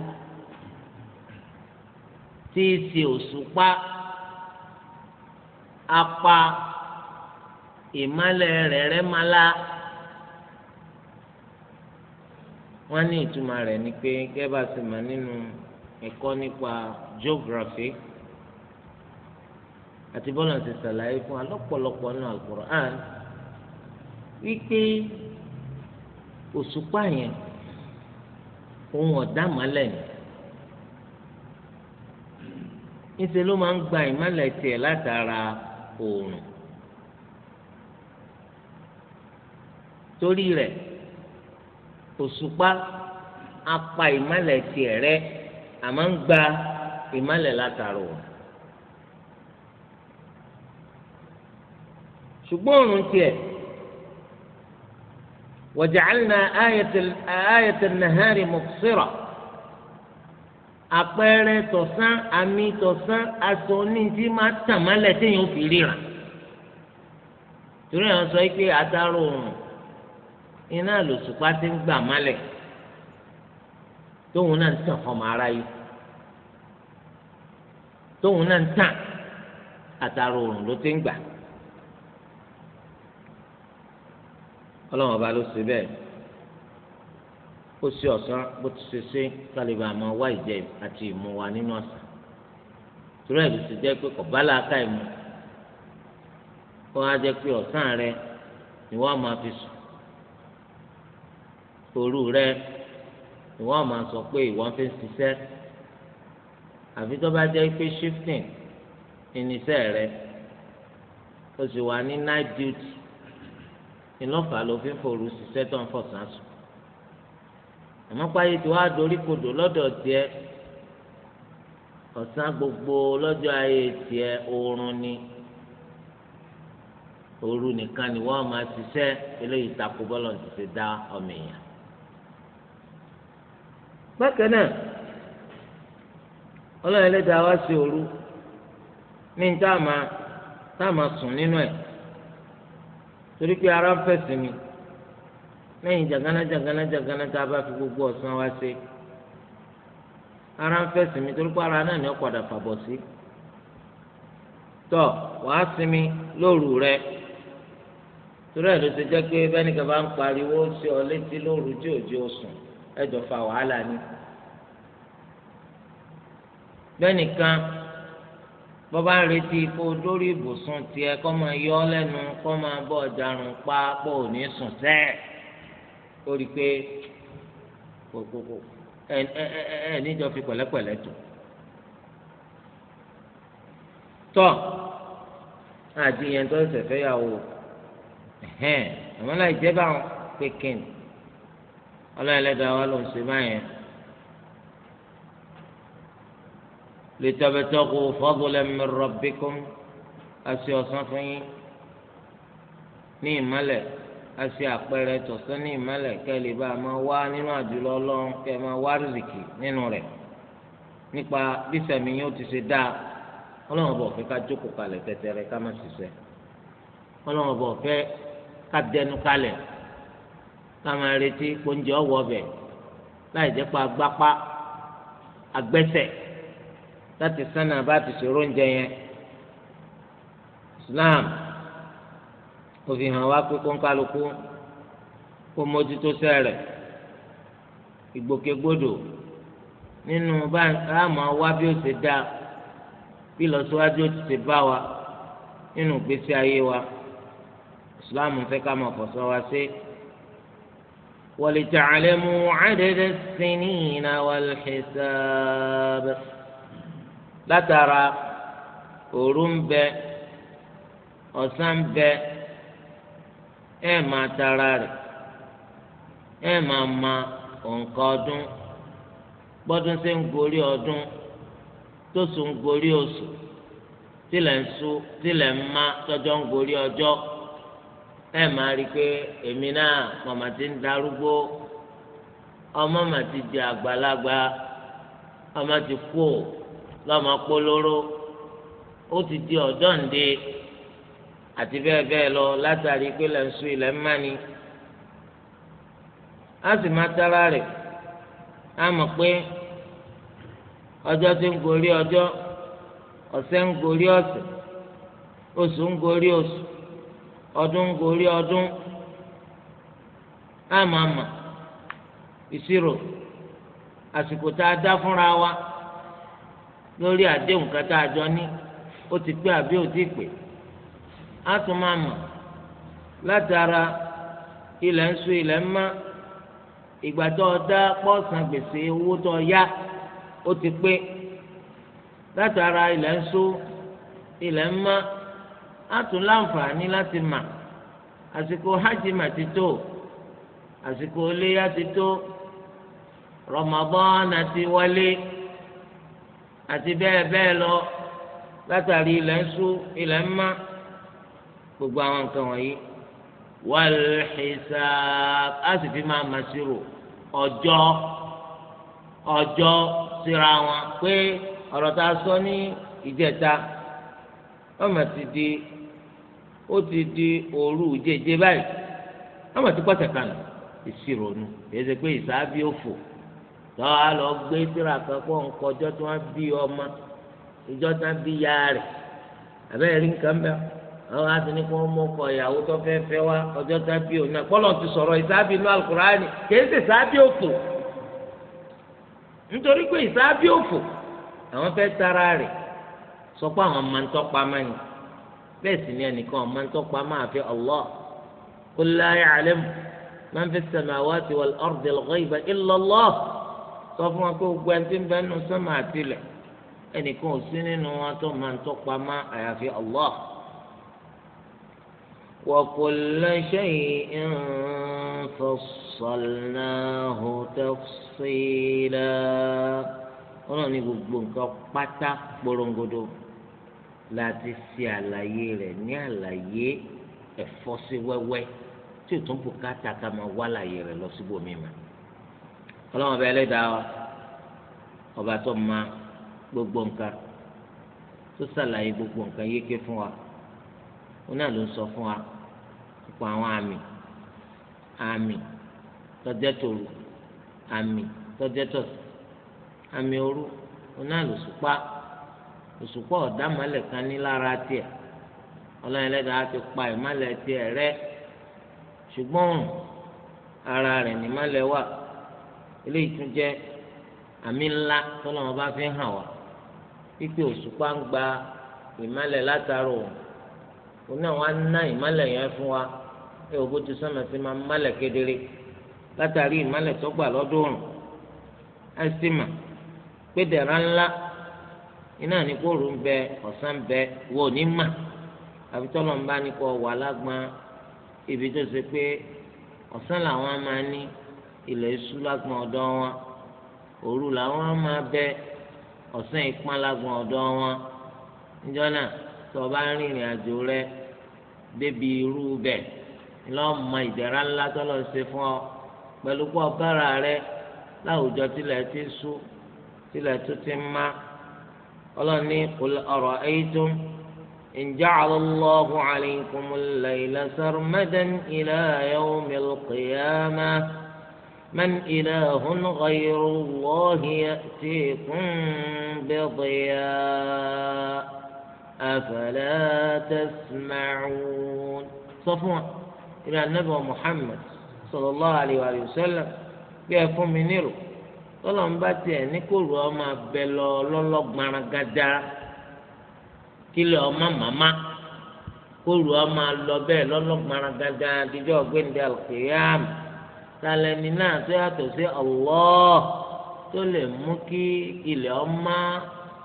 tí í ṣe òṣùpá apá ìmálẹ̀ rẹ̀ rẹ̀ máa la. wọ́n ní ìtumọ̀ rẹ̀ ni pé gẹ́bà sì mọ̀ nínú ẹ̀kọ́ nípa geography àti bọ́lá ti ṣàlàyé fún wa lọ́pọ̀lọpọ̀ nínú Al-Qur'an wípé òṣùpá yẹn òun ọ̀dá mọ́lẹ̀ ni níṣẹ́ ló máa ń gba ìmọ́lẹ̀ tiẹ̀ látara oòrùn torí rẹ̀ òṣùpá apa ìmálẹ̀ tiẹ̀ rẹ àmọ́ ń gba ìmálẹ̀ látàrọ̀ wọ̀. ṣùgbọ́n òrùn tiẹ̀ wàjàcálìnà ayatul nahari mọ̀kúsírà àpẹẹrẹ tọ̀sán àmì tọ̀sán aṣọ oníjì máa tàn málẹ̀ téèyàn fi ríran torí àwọn sọ pé àtàrọ̀ òrùn iná lòṣùpá ti ń gbà málẹ̀ tóun náà ń tàn ọmọ ara yìí tóun náà ń tàn àtàrà òòrùn ló ti ń gbà ọlọ́run ọba ló ṣe bẹ́ẹ̀ ó ṣe ọ̀sán bó ti ṣe ṣe kálíbà máa wá ìjẹ àti ìmu wa nínú ọ̀sán torí ẹ̀bí ti jẹ́ pé kò bá làákà kó wá jẹ́ pé ọ̀sán rẹ ni wọ́n máa fi sùn òru rẹ ìwọ máa sọ pé ìwọ fi ń ṣiṣẹ́ àfi tó bá jẹ́ pé shifting ìníṣẹ́ rẹ o sì wà ní night duty ìlọ́fà ló fi ń forú ṣiṣẹ́ tó ń fọ̀sán sùn àmọ́ páyé tí wàá dorí kodò lọ́dọ̀ tiẹ̀ ọ̀sán gbogbo lọ́jọ́ ayé tiẹ̀ oorun ni òru nìkan ni wọ́n máa ṣiṣẹ́ eléyìí takò bọ́lọ̀ ti ṣe dá ọmọ èèyàn. bákan náà ọlọ́run ẹlẹ́dàá wá sí òru ní ní tá máa máa ara ń fẹ̀sìn mi lẹ́yìn jàgánná jàgánná jàgánná tá a bá fi gbogbo ọ̀sán wá ara ń fẹ̀sìn mi torí pé ara náà ni ó padà fàbọ̀ sí tọ́ wàá sinmi lóru rẹ torí ẹ̀ ló ti jẹ́ pé bẹ́ẹ̀ ni kàbá pariwo sí ọ létí lóru tí òjò sùn. ẹjọ fa wàhálà ni bẹ́nìkan bọ́bá ń retí kó dórí ibùsùn tiẹ̀ kọ́ máa yọ ọ́ lẹ́nu kọ́ máa bọ́ ọjà rùn pa pọ̀ ò ní sùn sẹ́ẹ̀ ó rí i pé kòkòkò ẹ ẹ ẹ níjọ fi pẹ̀lẹ́pẹ̀lẹ́ tó tọ́ àti ìyẹn tó ń ṣẹ̀fẹ́ yà wò ẹ̀hẹ́n àmọ́ láì jẹ́ báwọn pé kíni ọlọ́run lẹ́dàá wa ló ń ṣe báyẹn. لتبتغوا فضلا من ربكم أسي أصنفني ní ìmọ̀lẹ̀ a ṣe àpẹẹrẹ tọ̀sán ní ìmọ̀lẹ̀ kẹ́ lè bá a máa wá nínú àdúrà ọlọ́run kẹ́ máa wá rìzìkì nínú rẹ̀ nípa bísẹ̀mí yóò ti ṣe dáa ọlọ́run ọba ọ̀fẹ́ ká jókòó kalẹ̀ tẹ̀tẹ̀rẹ̀ ká má ṣiṣẹ́ ọlọ́run ọba ọ̀fẹ́ ká dẹnu kalẹ̀ ká máa retí oúnjẹ ọwọ́ ọbẹ̀ láì jẹ́ pa agbápá agbẹ́sẹ̀ láti sánà bá ti ṣòro oúnjẹ yẹn Islam kò fi hàn wá pé kónkálukú kó mójútó sẹ́rẹ̀ ìgbòkègbodò nínú bá àmọ́ wá bí ó ṣe dáa bí ìlọsíwájú ó ti ṣe bá wa nínú ìgbésí ayé wa Islam fẹ́ ká máa fọ̀sọ́ wa sí. Si ولتعلموا عدد السنين والحساب لا ترى أورمب أسامب ẹ máa tara rẹ̀ ẹ máa ma òǹkà ọdún gbọ́dún ṣe ń gorí ọdún tó sùn ń gorí oṣù tilẹ̀ ń sú tilẹ̀ ń má tọ́jọ́ ń gorí ọjọ́. ẹ máa rí i pé èmi náà màmá ti ń darúgbó ọmọ mà ti di àgbàlagbà ọmọ ti kú ò lọ́mọ polóró ó ti di ọ̀dọ́ǹde àti bẹ́ẹ̀ bẹ́ẹ̀ lọ látàrí pé lẹ́ ń sún ilẹ̀ ń mání á sì máa tara rẹ̀ á mọ̀ pé ọjọ́ ti ń gorí ọjọ́ ọ̀sẹ̀ ń gorí ọ̀sẹ̀ oṣù ń gorí oṣù ọdún gorí ọdún àmàmà ìṣirò àsìkò tá a dá fúnra wa lórí àdéhùn kan tá a jọ ní ó ti pé àbí ó ti pé á tún máa mọ̀ látara ilẹ̀ ń ṣú ilẹ̀ ń mọ́ ìgbà tó o dá pọ́ọ̀sán gbèsè owó tó o yá ó ti pé látara ilẹ̀ ń ṣú ilẹ̀ ń mọ́ á tún láǹfààní láti mà àsìkò hajj mà ti tó àsìkò iléyà ti tó Ramadan àti wọlé àti bẹ́ẹ̀ bẹ́ẹ̀ lọ látàrí ilẹ̀ ń sú ilẹ̀ ń má gbogbo àwọn nǹkan wọ̀nyí wal á sì fi máa mà ọjọ́ ọjọ́ síra wọn pé ọ̀rọ̀ tá sọ ní ìjẹta wọ́n mà ti di ó ti di òru jẹjẹ báyìí ọmọ tí pọ̀sẹ̀ kan ìṣirò nu èyí ṣe pé ìsáábí òfò tọ́ a lọ gbé síra kan kó ń kọjọ́ tí wọ́n bí ọmọ ìjọ tí wọ́n bí ya rẹ̀ àbẹ́rẹ́ nǹkan bẹ́ẹ̀ àwọn mú ọkọ ìyàwó tó fẹ́ fẹ́ wá ọjọ́ tí wọ́n bí òun náà ti sọ̀rọ̀ ìsáábí inú alukurani kìí ṣe òfò nítorí pé bẹ́ẹ̀ sì ni ẹnìkan ọ̀ma ń tọ́pa máa fi Allah qul la ya'lamu man fi samawati wal ardi al-ghayba illa Allah sọ fún wa pé gbogbo ẹni tí ń bẹ nù sọ́mà àtìlẹ̀ ẹnìkan ò sí nínú wọn tó máa ń tọ́pa máa àyàfi Allah. وكل شيء فصلناه تفصيلا ọlọ́run ní gbogbo nǹkan pátá gbòròǹgòdò láti ṣe àlàyé rẹ̀ ní àlàyé ẹ̀fọ́ sí wẹ́wẹ́ tí ò tún kò káta ká máa wá àlàyé rẹ̀ lọ síbòmí mà. ọlọ́run ọba ẹlẹ́dàá ọba tó ma gbogbo nǹkan tó ṣàlàyé gbogbo nǹkan yéké fún wa ó náà ló ń sọ fún wa nípa àwọn àmì àmì tọ́jẹ́ tòru àmì tọ́jẹ́ tọ̀sí àmì òru ó náà ló sùpá. òṣùpá ọ̀dá mọ́lẹ̀ kan ní lára tiẹ̀ ọlọ́run ẹlẹ́dàá ti pa ìmọ́lẹ̀ tiẹ̀ rẹ́ ṣùgbọ́n ara rẹ̀ ní mọ́lẹ̀ wà eléyìí tún jẹ́ àmì ńlá tọ́lọ́mọ bá fi hàn wá pípé òṣùpá ń gba ìmọ́lẹ̀ òun yẹn fún wa ẹ ò ti sọ́mọ sí kedere látàrí ìmọ́lẹ̀ tó gbà lọ́dún ọ̀run ẹ sì mà iná ní kóòrò ń bẹ ọ̀sán bẹ wọ́n ò ní mà àbí tọ́lọ̀ ń bá ní kọ́ wà lágbọ́n ibi tó ṣe pé ọ̀sán làwọn máa ní ilẹ̀ iṣu lágbọ́n ọ̀dọ́ wọn òru làwọn máa bẹ ọ̀sán ìpọ́n lágbọ́n ọ̀dọ́ wọn níjọ́ náà tó rẹ débi irú bẹ̀ lọ́mọ ńlá tọ́lọ̀ ń fún ọ pẹ̀lú pọ̀ bára rẹ láwùjọ tilẹ̀ ti tilẹ̀ ولاني قل أرأيتم إن جعل الله عليكم الليل سرمدا إلى يوم القيامة من إله غير الله يأتيكم بضياء أفلا تسمعون صفوان إلى النبي محمد صلى الله عليه وآله وسلم يا فمنيرو tọ́lọ́n bá tiẹ̀ ní kò rú ọmọ abẹ lọ lọ́lọ́gbọ̀nrán gada kílẹ̀ ọmọ màmá kò rú ọmọ lọ bẹ́ẹ̀ lọ́lọ́gbọ̀nrán dídí ọ̀gbẹ́ndé alùpùpù lálẹ́ni náà tó yàtọ̀ sí Allah tó lè mú kí ilẹ̀ ọmọ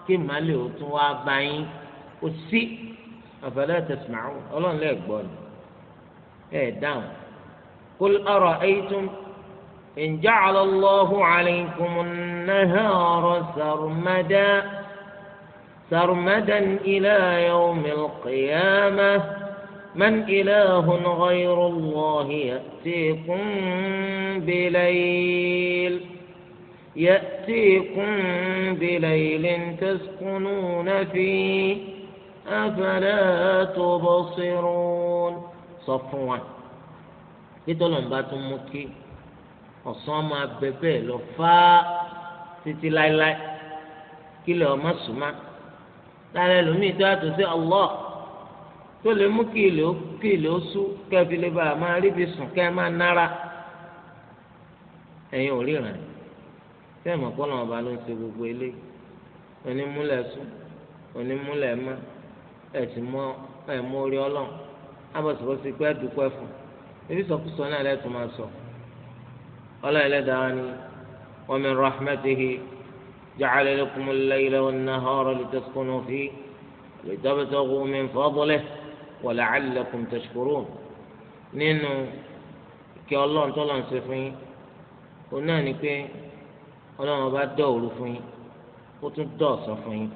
kí màálẹ̀ ó wá kò sí àfẹlẹ́ tẹ̀sán إن جعل الله عليكم النهار سرمدا سرمدا إلى يوم القيامة من إله غير الله يأتيكم بليل يأتيكم بليل تسكنون فيه أفلا تبصرون صفوان nítorí ọ̀nà bá tún ọ̀sán máa bẹ bẹ́ẹ̀ lọ fáá títí láéláé kí lè ọmọ sùnmá lára ẹlòmíì tó yàtọ̀ sí Allah tó lè mú kí ilé ó kí ilé ó sú kẹfì lè bàa máa rí ibi sùn kẹ́ máa nára ẹ̀yin ò ríran tí ẹ̀ mọ̀ pọ́n náà ọba ló ń ṣe gbogbo eléyìí onímúlẹ̀ sùn onímúlẹ̀ mọ́ ẹ̀sìn mọ́ ẹ̀ mú orí ọlọ́run ábọ̀sibọ́sí pé dúpẹ́ fún ebi sọkúsọ náà lẹ́tọ̀ọ́ máa sọ. So. ولا لداني ومن رحمته جعل لكم الليل والنهار لتسكنوا فيه لتبتغوا من فضله ولعلكم تشكرون نينو kí ọlọ́run tó lọ́n ṣe fún yín òun náà ni pé ọlọ́run bá dọ̀ òru fún yín ó tún dọ̀ ọ̀sán fún yín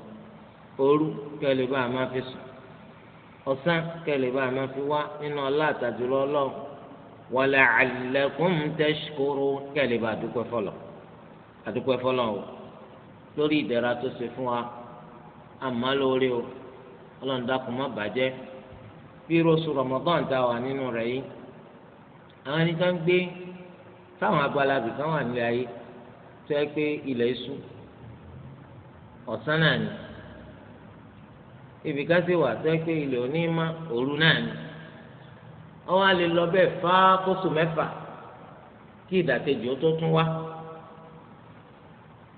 òru kẹlẹ̀ bá a máa fi sùn ọ̀sán kẹlẹ̀ bá a máa fi wá nínú ọlá àtàjùlọ ọlọ́run wàlẹ̀ àlẹ́kùn tẹ́ṣkúrú kẹ́lẹ́ bá dúpẹ́ fọlọ́ àdúpẹ́ fọlọ́ o lórí ìdẹ̀ra tó ṣe fún wa àmọ́ lórí o ọlọ́run dákun má bàjẹ́ bí rọ́ṣù rọmọdán tá a wà nínú rẹ̀ yìí àwọn ẹni tó ń gbé táwọn agbálagbè kan wà ayé tó yẹ pé ilẹ̀ iṣu ọ̀sán náà ni ibìkan sì wà tó yẹ pé ilẹ̀ onímọ̀ òru náà ni. àwọn àlè lọ bẹ́ẹ̀ fá kóso mẹ́fà kí ìdàkejì ó tó tún wá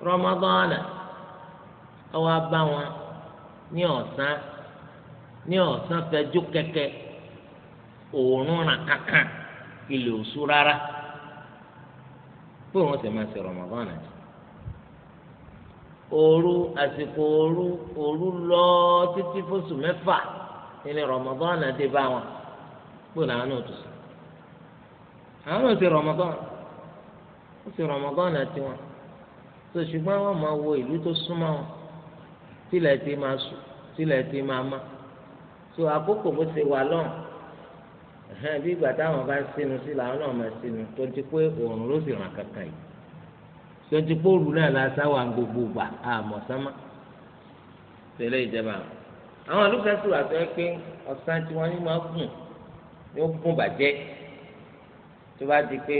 rọmọdọ́nà wọn ní ọ̀sán ní ọ̀sán fẹjú kẹkẹ òórùn ràn kankan ilé òsú rárá pé wọn sì máa ṣe rọmọdọ́nà jù òru àsìkò òru òru lọ títí fóṣù rọmọdọ́nà dé bá wọn. gbọ́dọ̀ na náà tó sọ àwọn ti ó ti Ramadan àti wọn tó ṣùgbọ́n wọn máa wo ìlú tó súnmọ́ wọn tílẹ̀ tí máa sùn tílẹ̀ tí máa má tó àkókò bó ṣe wà lọ́n bí ìgbà táwọn bá sínú sí làwọn náà máa sínú tó ti pé òòrùn ló sì ràn kankan yìí tó ti pé òòrùn náà la sáwà gbogbo gbà àmọ̀ sánmà tẹ̀lé ìjẹba àwọn olùkẹ́sùn àti ọ̀sán tí wọ́n ní máa yóò gún bàjẹ́ tó bá di pé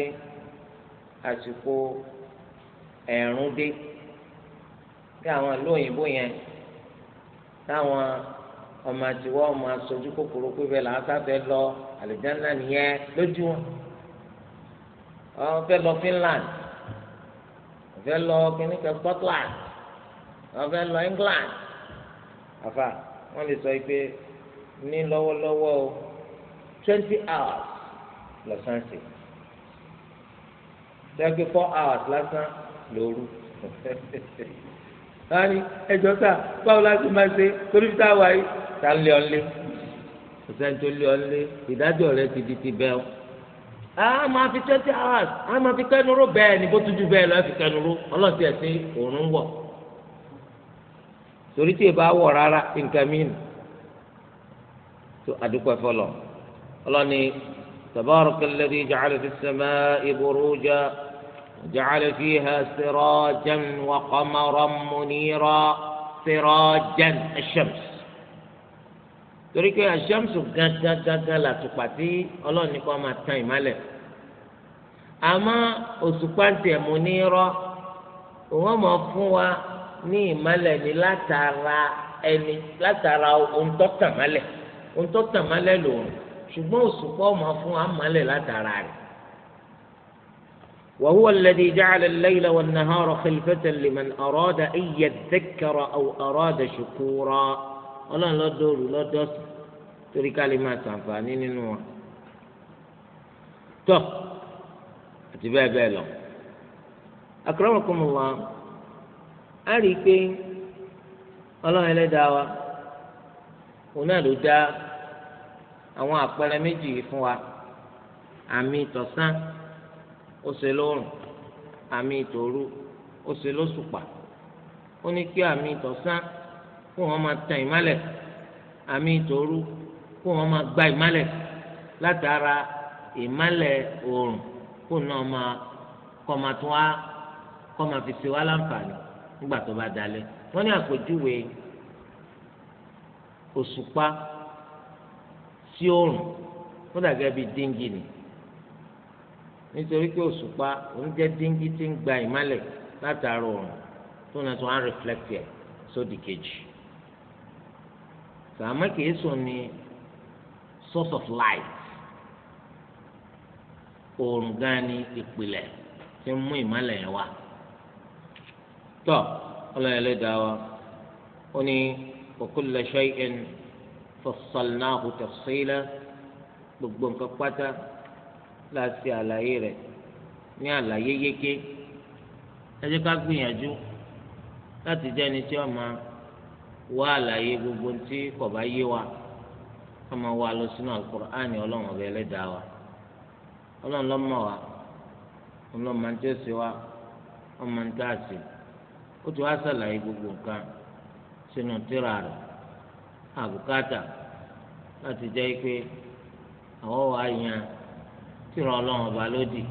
àsìkò ẹ̀rùn dé kí àwọn lóyìnbó yẹn táwọn ọmọ àtiwọ́ ọmọ aṣojú kòkòrò pípẹ́ làwọn sáfẹ́ lọ àlùjáná nìyẹn lójú wọn wọ́n fẹ́ lọ Finland wọ́n fẹ́ lọ kìnnìkan Scotland wọ́n fẹ́ lọ England àfà wọ́n lè sọ pé ní lọ́wọ́lọ́wọ́ o twenty hours lọ́sàn sí twenty four hours lásán lóru wọ́n á ní ẹjọ́ sà báwo la ti máa ṣe torí fi tá a wà yìí tá a ń lé ọ lé sẹ́ni tó lé ọ lé ìdájọ́ rẹ ti di ti bẹ́ẹ̀ o a máa fi twenty hours a máa fi kẹnuró bẹ́ẹ̀ ni bó tuju bẹ́ẹ̀ lọ fi kẹnuró ọlọ́sìn ẹ̀sìn òórùn wọ̀ torí tí ì bá wọ̀ rárá nǹkan mí nù tó adúpẹ́ fọlọ́ ọlọ́ni تبارك الذي جعل في السماء بروجا وجعل فيها سراجا وقمرا منيرا سراجا الشمس torí pé aṣọ́mùsù gángangangan làtùpà tí ọlọ́ọ̀ni kan máa tan ìmálẹ̀ àmọ́ òṣùpá ń tẹ̀ mú ní rọ́ òun máa fún wa ní ìmálẹ̀ ní látara ẹni látara ohun tó tàn málẹ̀ ohun tó tàn málẹ̀ lòun ṣùgbọ́n òṣùpá ọmọ fún amọ̀lẹ̀ látara rẹ̀. وهو الذي جعل الليل والنهار خلفة لمن أراد أن يذكر أو أراد شكورا ọlọ́run ló dóòlù lọ́dọ̀sùn torí ká lè máa ṣàǹfààní nínú wọn. tọ́ àti bẹ́ẹ̀ bẹ́ẹ̀ lọ. akramakumullah á rí i pé ọlọ́run ẹlẹ́dàá wa òun náà ló dá àwọn àpẹẹrẹ méjì yìí fún wa àmì ìtọ̀sán ó ṣe lóòrùn àmì ìtòru ó ṣe lóṣùpá ó ní kí àmì ìtọ̀sán kó wọn máa tan ìmálẹ̀ àmì ìtòru kó wọn máa gba ìmálẹ̀ látara ìmálẹ̀ oòrùn kó náà máa kọ́ máa tún wá kọ́ máa fi ṣe wá láǹfààní nígbà tó bá dalẹ̀ wọ́n ní àpèjúwe òṣùpá. sí òòrùn ó dàgẹ́ bíi díngì ni nítorí pé òṣùpá òun jẹ́ díngì tí ń gba ìmálẹ̀ látara òòrùn tó náà tó ń rìflẹ́kì ẹ̀ sódì kejì sàmọ́ kìí sùn ni source of light òòrùn gan ni ìpìlẹ̀ tí ń mú ìmálẹ̀ yẹn wá tọ́ wa ó ní wa فصلناه تفصيلا gbogbo nǹkan pátá láti àlàyé rẹ̀ ní àlàyé yéké ẹ jẹ́ ká gbìyànjú láti jẹ́ ẹni tí ó máa wá àlàyé gbogbo tí kò bá yé wa ká máa wá lọ sínú Al-Qur'ani ọlọ́run ọ̀bẹ ẹlẹ́dàá wa ọlọ́run ló mọ̀ wa ọlọ́run máa ń tí wa ọmọ ń tá a ó ti wá ṣàlàyé gbogbo nǹkan sínú tírà rẹ̀ àbùkátà láti jẹ́ pé àwọn wà yan tí tìrọ ọlọ́run ọba lódì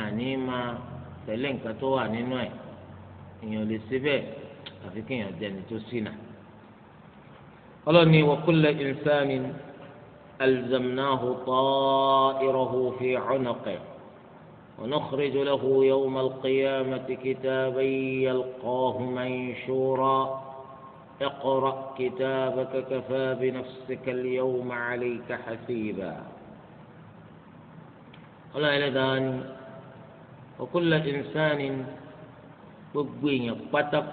àní máa tẹ̀lé nǹkan tó wà nínú ẹ̀ èèyàn lè síbẹ̀ àfi kí èèyàn jẹni tó ṣìnà. ọlọ́ni wa kulla insanin alzamnahu ta'irahu fi 'unuqihi ونخرج له يوم القيامة كتابا يلقاه منشورا اقرأ كتابك كفى بنفسك اليوم عليك حسيبا ولا إلى ذاني وكل إنسان بقين يقبطك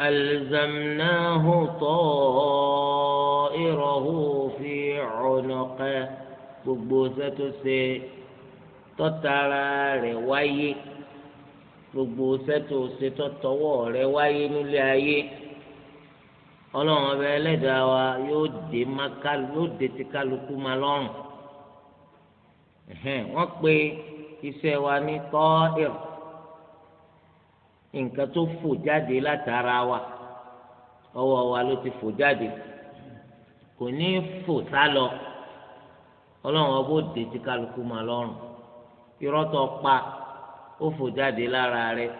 ألزمناه طائره في عنقه بقبوثة سي تطلع روايك gbogbo sẹ́tò ṣetọ́ tọwọ́ rẹ wáyé nílé ayé ọlọ́run ọbẹ̀ ẹlẹ́dàá wa yóò dé maka ti kálukú ma lọ́rùn wọ́n pe iṣẹ́ wa ní tọ́ìr nǹkan tó fò jáde látara wa ọwọ́ wa ló ti fò jáde kò ní fò ọlọ́run ọbẹ̀ ti ma lọ́rùn irọ́ tó ó fò jáde lára rẹ̀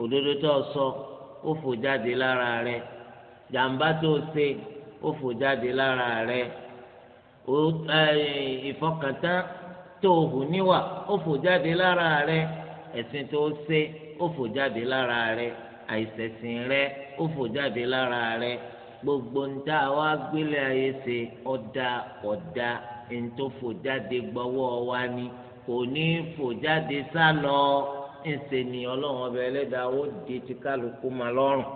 òdodo tó sọ ó fò jáde lára rẹ̀ jàǹbá tó ṣe ó fò jáde lára rẹ̀ ìfọkàntán tó hù níwà ó fò jáde lára rẹ̀ ẹ̀sìn tó ṣe ó fò jáde lára ó fò jáde lára gbogbo ntá wa gbélé ayé ṣe ọ̀dà ọ̀dà jáde gbọ́wọ́ wa ni. kò ní fò jáde sá lọ ńṣe ni ọlọ́run ọbẹ̀ ẹlẹ́dàá ó di ti kálukú ma lọ́rùn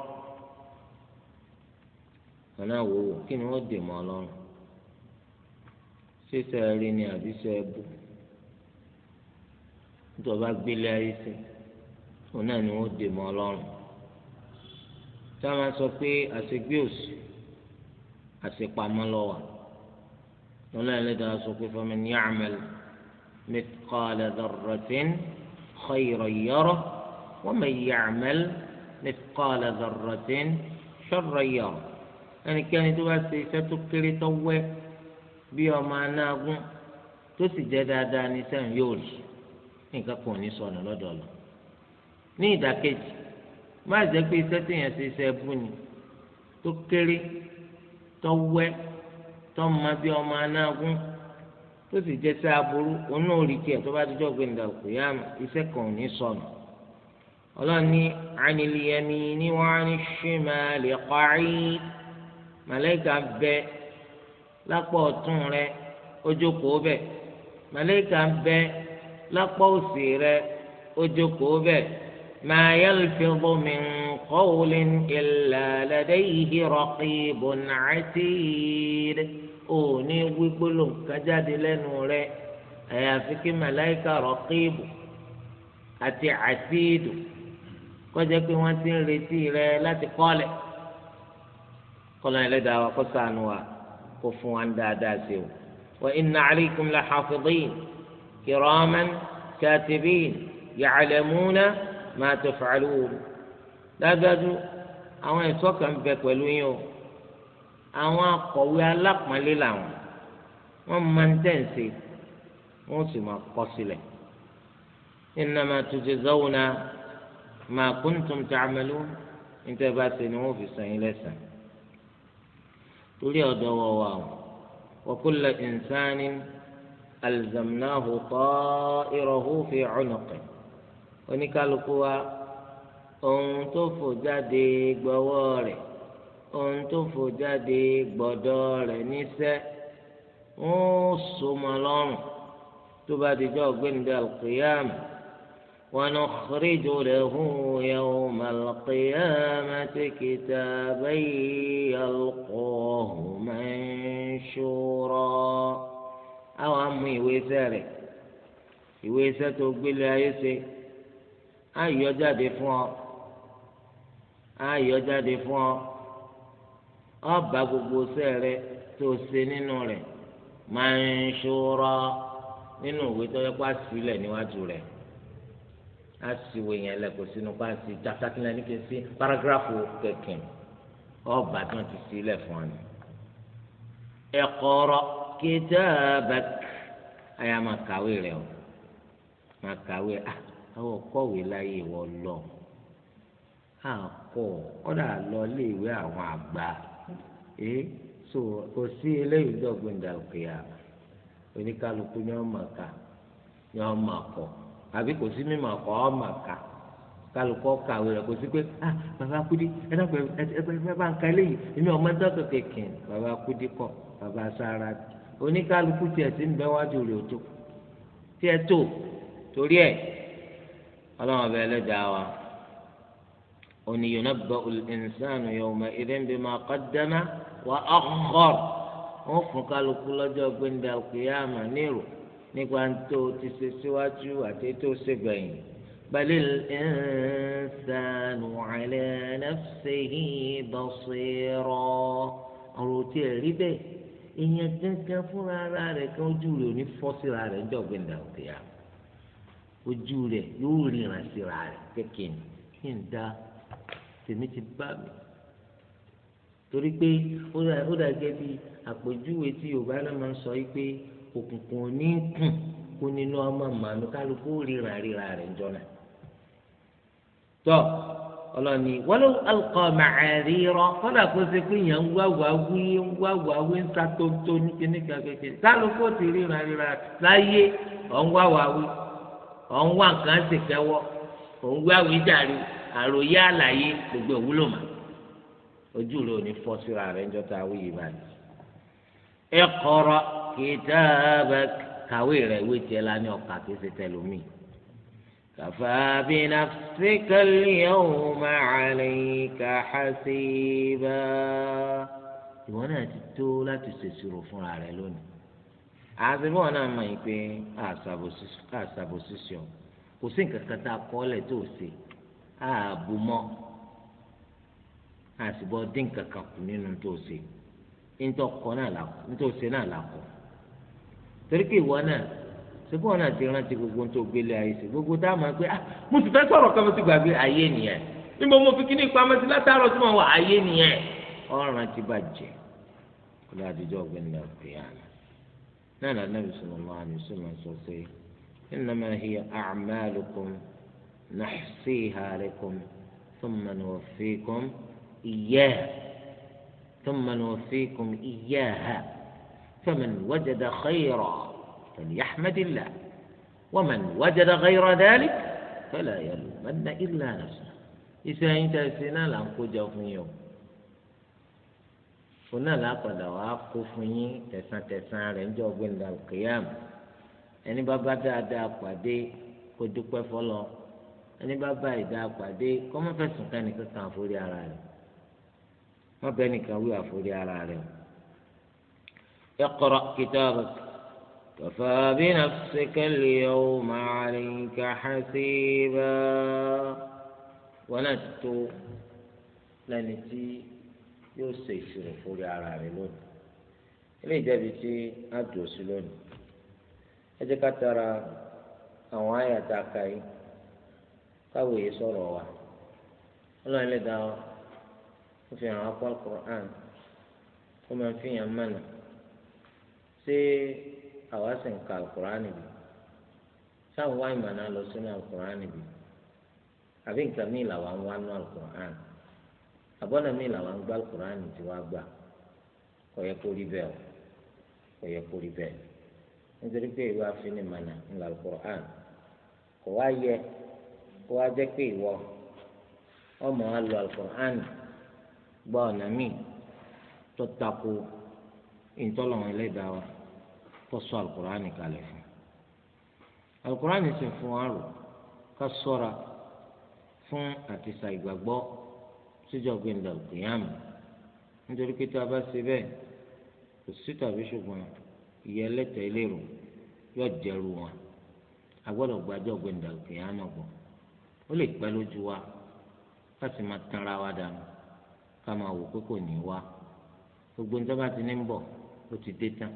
wọn náà wò wò kí ni wọ́n dè mọ́ ọlọ́run ṣíṣe rí ni àbí ṣe é bù nítorí ọba gbélé ayé sí wọn náà ni wọ́n dè mọ́ ọlọ́run tí wọ́n máa sọ pé àṣegbé òsì àṣepamọ́ lọ́wọ́ wọn náà ẹlẹ́dàá sọ pé faman ya'mal. مثل مثقال ذرة خيرا يره ومن يعمل مثقال ذرة شرا يره يعني كان يدوى سيسة كري توي بيوم أناغم تسي جدادا نسان يولي nǹkan kan ò ní sọnù lọ́dọ̀ lọ ní ìdàkejì má jẹ́ pé iṣẹ́ téèyàn ṣe iṣẹ́ ẹbú ni tó tó sì jẹ́ sí aburú òun náà rí tiẹ̀ tó bá dijọ́ gbé nígbà kò yá àmà iṣẹ́ kan ò ní sọnù ọlọ́ni ànìlíyẹmí ni wọ́n á ní ṣìmá lè parí màlẹ́kà bẹ lápá ọ̀tún rẹ ó jókòó bẹ̀ bẹ lápá òsì rẹ ó jókòó bẹ̀ máa yálùfẹ́ bọ́mi kọ́wọ́lẹ́ lẹ́dẹ́yìí rọ́ọ̀kì bọ̀nà àti yìí ò ní wí gbólóhùn kan jáde lẹ́nu rẹ àyàfi kí màláìka rọ̀kìbù àti àtìdù kọjá pé wọ́n ti ń retí rẹ láti kọ́lẹ̀ kọ́lọ́ ẹlẹ́dàá wa kó ṣàánú wa kó fún wa ń dáadáa sí o wa inna alaykum la hafidin kiraman katibin ya'lamuna ma taf'alun dájúdájú àwọn ẹ̀ṣọ́ bẹ pẹ̀lú yín o àwọn akọ̀wé alápọ̀nlé làwọn wọ́n máa ń tẹ̀sí wọ́n sì máa kọ sílẹ̀ innama tujzawna ma kuntum ta'malun níta bá ṣe ni wọ́n fi san yín lẹ́san torí ọ̀dọ́ wọ̀ wà o wa kulla insanin alzamnahu ta'irahu fi 'unuqi oníkálukú wa ohun tó fò jáde gbọ́wọ́ rẹ̀ ohun tó fò jáde gbọ̀dọ̀ rẹ̀ níṣẹ́ wọ́n so mọ́ lọ́rùn tó bá dijọ́ ọ̀gbẹ́ni alqiyam wa nukhriju lahu yawma alqiyamati kitaban yalqahu manshura. àwọn amú ìwé iṣẹ́ rẹ̀ ìwé iṣẹ́ tó gbélé ayé ṣe á jáde fún ọ á jáde fún ọ ọba gbogbo ṣẹ́ rẹ tó ṣe nínú rẹ̀ máa ń ṣòro nínú ìwé tó yẹ kó a sílẹ̀ níwájú rẹ̀ a sì wò yẹn lẹ kó sínú kó a sì jákàtúnlẹ̀ ní kí n sí paragraph kẹ̀kẹ́ ọba tó ti sílẹ̀ fún ọ ẹ̀kọ́rọ̀ kitabak àyà máa kàwé rẹ̀ o máa kàwé àwọn kọ̀wé láyé wọ́n lọ àkọ́ ọ̀dà lọ lé àwọn àgbà èé so kò sí eléyìí dọ̀gbìn dàgbìyà oníkálukú ni wọ́n máa kà ni wọ́n máa kọ́ àbí kò sí mímọ̀ kọ́ ọ́ máa kà kálukọ́ kàwé rẹ̀ kò sí pé ah bàbá kudi ẹ dàgbẹ́ ẹ bá ń ka eléyìí èmi ọmọ dọ́kọ̀ kékin bàbá kudi kọ́ bàbá sára oníkálukú tiẹ̀ ti ń bẹ́ wájú rẹ̀ tó tiẹ̀ tó torí ẹ̀ ọlọ́run ọba ẹlẹ́dàá wa òní yóò náà bọ́ ìnsánù yawma idhin bima wà á kọ́rọ̀ wọ́n fún kálukú lọ́jọ́ gbẹ̀ndà kìyàmà nírò nípa tó ti ṣe síwájú àti tó ṣe gbẹ̀yìn. بل الإنسان على نفسه بصيرا ọ̀rọ̀ tí ẹ̀ rí bẹ́ẹ̀ ìyẹn gángan fúnra ara rẹ̀ kan ojú rẹ̀ ò ní fọ́ síra rẹ̀ ń jọ̀gbìn dàgbé ojú rẹ̀ yóò ríran síra rẹ̀ kékeré kí n da tèmi ti bá mi torí pé ó dàgẹ́ bí àpèjúwe tí yorùbá náà máa ń sọ yìí pé òkùnkùn ò ní kùn kó nínú ọmọ màánu kálukú ríra ríra rẹ̀ jọ̀nà. tọ́ ọlọ́ni wọ́lọ́ alùpùpù màárí rọ kọ́dà kó ṣe pé yẹn ń wá wá wí ń wá wá wí ń ta tóńtó ní kíníkà kékeré kálukú ti ríra ríra láyé ọ̀ ń wá wá ọ̀ ń wá nǹkan ṣèkẹ́wọ́ ọ̀ ń wá wí àròyé àlàyé gbogbo ìwúlò màá ojú rẹ ò ní fọ́ síra rẹ ń jọta awé yìí báyìí. Iqra kitabak kàwé rẹ ìwé tiẹ̀ la ní ọkà kìí ṣe tẹlómi. Kafa bi nafsika al-yawma 'alayka hasiba. Ìwọ náà ti tó láti ṣèṣirò fúnra rẹ lónìí. Àṣìbọ̀ náà mọ̀ pé àṣàbòsíṣọ́ kò sí nǹkan kan tá a kọ́ ọ́ lẹ̀ tó ṣe ààbò àsìbọ̀ dín kankan kù nínú tó ṣe náà là kọ́ ntọ́ṣe náà là kọ́ naa ìwọ náà ṣùgbọ́n ọ̀nà ti rántí gbogbo tó gbélé ayé ṣe gbogbo tá a máa pé a ah, mo sì fẹ́ sọ̀rọ̀ kan mo ti gbàgbé ayé nìyẹn níbo mo fi kíní ìpamọ́ sí látàárọ̀ tí mo wà ayé nìyẹn ọ̀ràn ti kó lè àdìjọ́ àná náà nà nàbì sọ̀rọ̀ sọ̀rọ̀ sọ pé إياه ثم نوفيكم إياها فمن وجد خيرا فليحمد الله ومن وجد غير ذلك فلا يلومن إلا نفسه إسانيت أسنا لن قجوا في يوم فنا لا قد وقفوا في تسا تسا رنجوا القيام أني بابا دا دا قدي قدوا قفوا له أني بابا دا قدي كما فسنقاني كتان فوري عراني má bẹ́ẹ̀ nìkan wí àforí ara rẹ̀ o iqra kitabak kafa bi nafsika al-yawma 'alayka hasiba wọn náà ti tó lẹ́ni tí yóò ṣe ìṣirò forí ara rẹ̀ lónìí ilé ìjẹ́bi tí a dùn sí lónìí ẹ jẹ́ àwọn àyà tá káwé yìí wa ọlọ́run lè dá wa ó fi hàn apá Qur'an ó máa fi hàn mánà ṣé àwa sì ń ka Qur'an bi sáwọn wá ìmọ̀ náà lọ sínú Qur'an bi àbí nǹkan míì làwa ń wá nú Qur'an àbọ̀nà míì làwa ń gbá Qur'an tí wàá gbà kò yẹ kó rí bẹ́ẹ̀ o kò yẹ kó rí bẹ́ẹ̀ nítorí pé ìwà fínni mánà ńlá Qur'an kò wá yẹ kó wá jẹ́ pé ìwọ ọmọ wa lọ Qur'an gba ọ̀nà míì tó tako ìtọ́lọ́wọ́n ẹlẹ́dàá wa tó sọ alukur'ani kalẹ̀ fún alukur'ani sì fún wa rò ká sọ́ra fún àtisà ìgbàgbọ́ síjọ́ gbẹ̀ndà òkèèyàmù nítorí pé tá a bá ṣe bẹ́ẹ̀ kò sí tàbí ṣùgbọ́n ìyá ẹlẹ́tẹ̀ eléèrò yóò jẹ́rù wọn a gbàjọ́ gbẹ̀ndà òkèèyàmù ọ̀gbọ́n ó lè pẹ́ lójú wa láti máa tanra wa dànù. kama máa wò pé kò ní wá gbogbo nítorí bá ti ní ń bọ̀ ó ti dé tán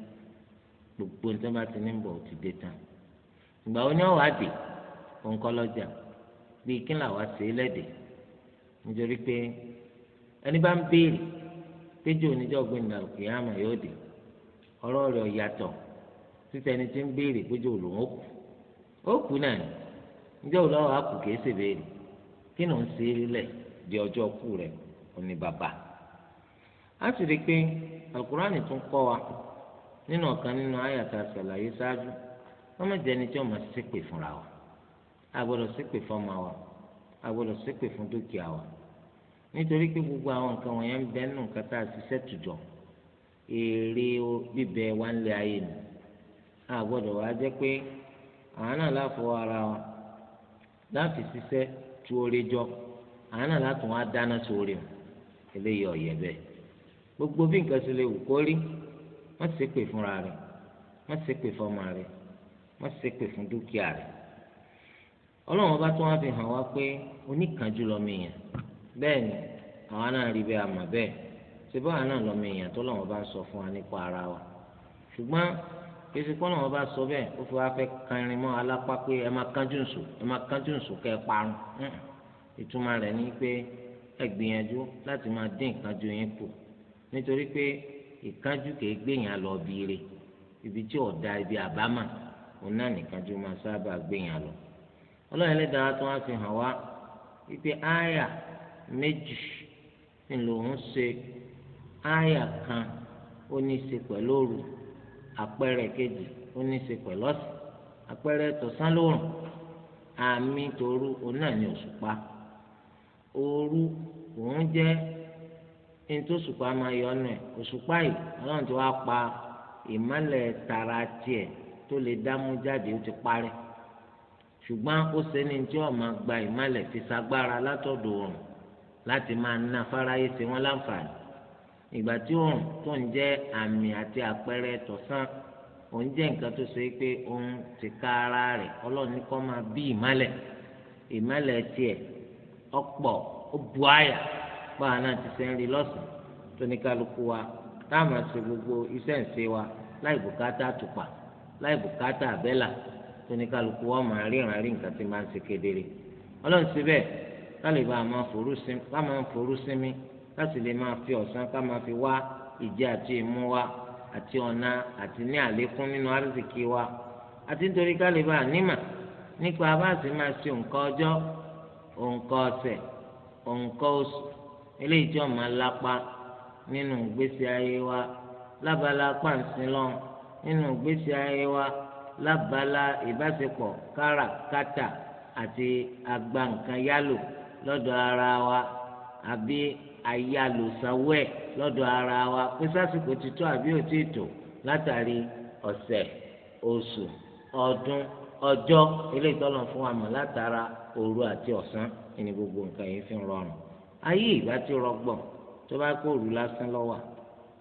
gbogbo nítorí bá ti ní bọ̀ ó ti dé tán ìgbà wo ni ọ̀wá dé òǹkọ́ lọ́jà kí làwa ṣe é lẹ́dẹ̀ẹ́ nítorí pé ẹni bá ń béèrè péjọ oníjọ́ gbẹ̀ndà òkè yóò dé ẹni tí ń béèrè péjọ kù ó kù náà ní di ọjọ́ kù rẹ̀ òní bàbá a sì rí i pé alukurani tún kọ́ wa nínú ọ̀kan nínú àyàtà sàlàyé ṣáájú wọ́n má tí wọ́n máa fúnra wa a gbọ́dọ̀ ṣépè wa a fún dúkìá wa nítorí pé gbogbo àwọn nǹkan wọ̀nyẹn ń bẹ nínú nǹkan tá a ṣiṣẹ́ èrè bíbẹ wa ń lé ayé a pé àwọn náà ara wa láti ṣiṣẹ́ tu oore jọ àwọn náà eléyìí ọ̀yẹ́ bẹ́ẹ̀ gbogbo bí nǹkan ṣe lè wù kó rí má ṣe pè fúnra rẹ̀ má ṣe pè fọmọ rẹ̀ má ṣe pè fún dúkìá rẹ̀ ọlọ́run ọba tó wá fi hàn wá pé oníkánjú lọ́mọ èèyàn bẹ́ẹ̀ ni àwa náà rí bẹ́ẹ̀ àmọ́ bẹ́ẹ̀ ṣe báwa náà lọ́mọ èèyàn tó lọ́wọ́ bá ń sọ fún wa nípa ara wa ṣùgbọ́n kìsì kọ́ lọ́wọ́ bá sọ bẹ́ẹ̀ ó fi wá fẹ́ kẹrin mọ́ alápá pé ẹ máa kánjú nsò ẹ máa kánjú nsò kẹ́ parun ìtumọ̀ rẹ̀ ni pé. ẹ gbìyànjú láti máa dín ìkánjú yín kù nítorí pé ìkánjú kìí gbèyàn lọ biire ibi tí ọ̀dà ibi àbámà òun náà nìkánjú máa sábà gbèyàn lọ. ọlọ́run ẹlẹ́dàá tó wá fi hàn wá wípé áyà méjì ṣe áyà kan ó ní í ṣe pẹ̀lú òru àpẹẹrẹ kejì ó ní òru òun jẹ́ ntí òṣùpá máa yọ ọ́nà ẹ̀ òṣùpá yìí ọlọ́run ti wá pa ìmọ̀lẹ̀ tara tiẹ̀ tó lè dámú jáde ó ti parẹ́ ṣùgbọ́n ó sẹ́ni tí wọ́n máa gba ìmọ̀lẹ̀ fi sagbára látọ̀dọ̀ ọ̀run láti máa ná fáráyé ṣe wọ́n láǹfààní ìgbà tí òun tó ń jẹ́ àmì àti àpẹẹrẹ tọ̀sán òun jẹ́ nǹkan tó ṣe pé òun ti ká ara rẹ̀ ọlọ́run ní kó máa bí ìmọ̀lẹ̀ ìmọ̀lẹ̀ ọ̀pọ̀ ó bu àyà báwa náà ti ṣe ń rí lọ́sàn tó ní kálukú wa táwọn àti gbogbo iṣẹ́ ìṣe wa láì bùkátà àtùpà láì bùkátà àbẹ́là tó ní kálukú wa máa ríran rí nǹkan tí máa ń ṣe kedere ọlọ́run síbẹ̀ káàlì bá a máa forú sinmi láti lè máa fi ọ̀sán ká máa fi wá ìjẹ àti ìmú wa àti ọ̀nà àti ní àlékún nínú àrísìkí wa àti nítorí káàlì bá a nímà nípa bá a sì máa ṣe nǹkan ọjọ́ òǹkà ọsẹ òǹkà oṣù eléyìí tí wọ́n máa lápá nínú ìgbésí ayé wa lábala pàǹsílọ́n nínú ìgbésí ayé wa lábala ìbáṣepọ̀ káràkátà àti agbankan yálò lọ́dọ̀ ara wa àbí ayálòsáwẹ́ lọdọ ara wa pé sásìkò ti tó àbí ò tí látàrí oṣù ọdún ọjọ́ eléyìí tọ́lọ̀ fún wa mọ̀ látara òru àti ọ̀sán ní gbogbo nǹkan yìí fi rọrùn ayé ìgbà tí rọgbọ tó bá kó òru lásán lọ́wà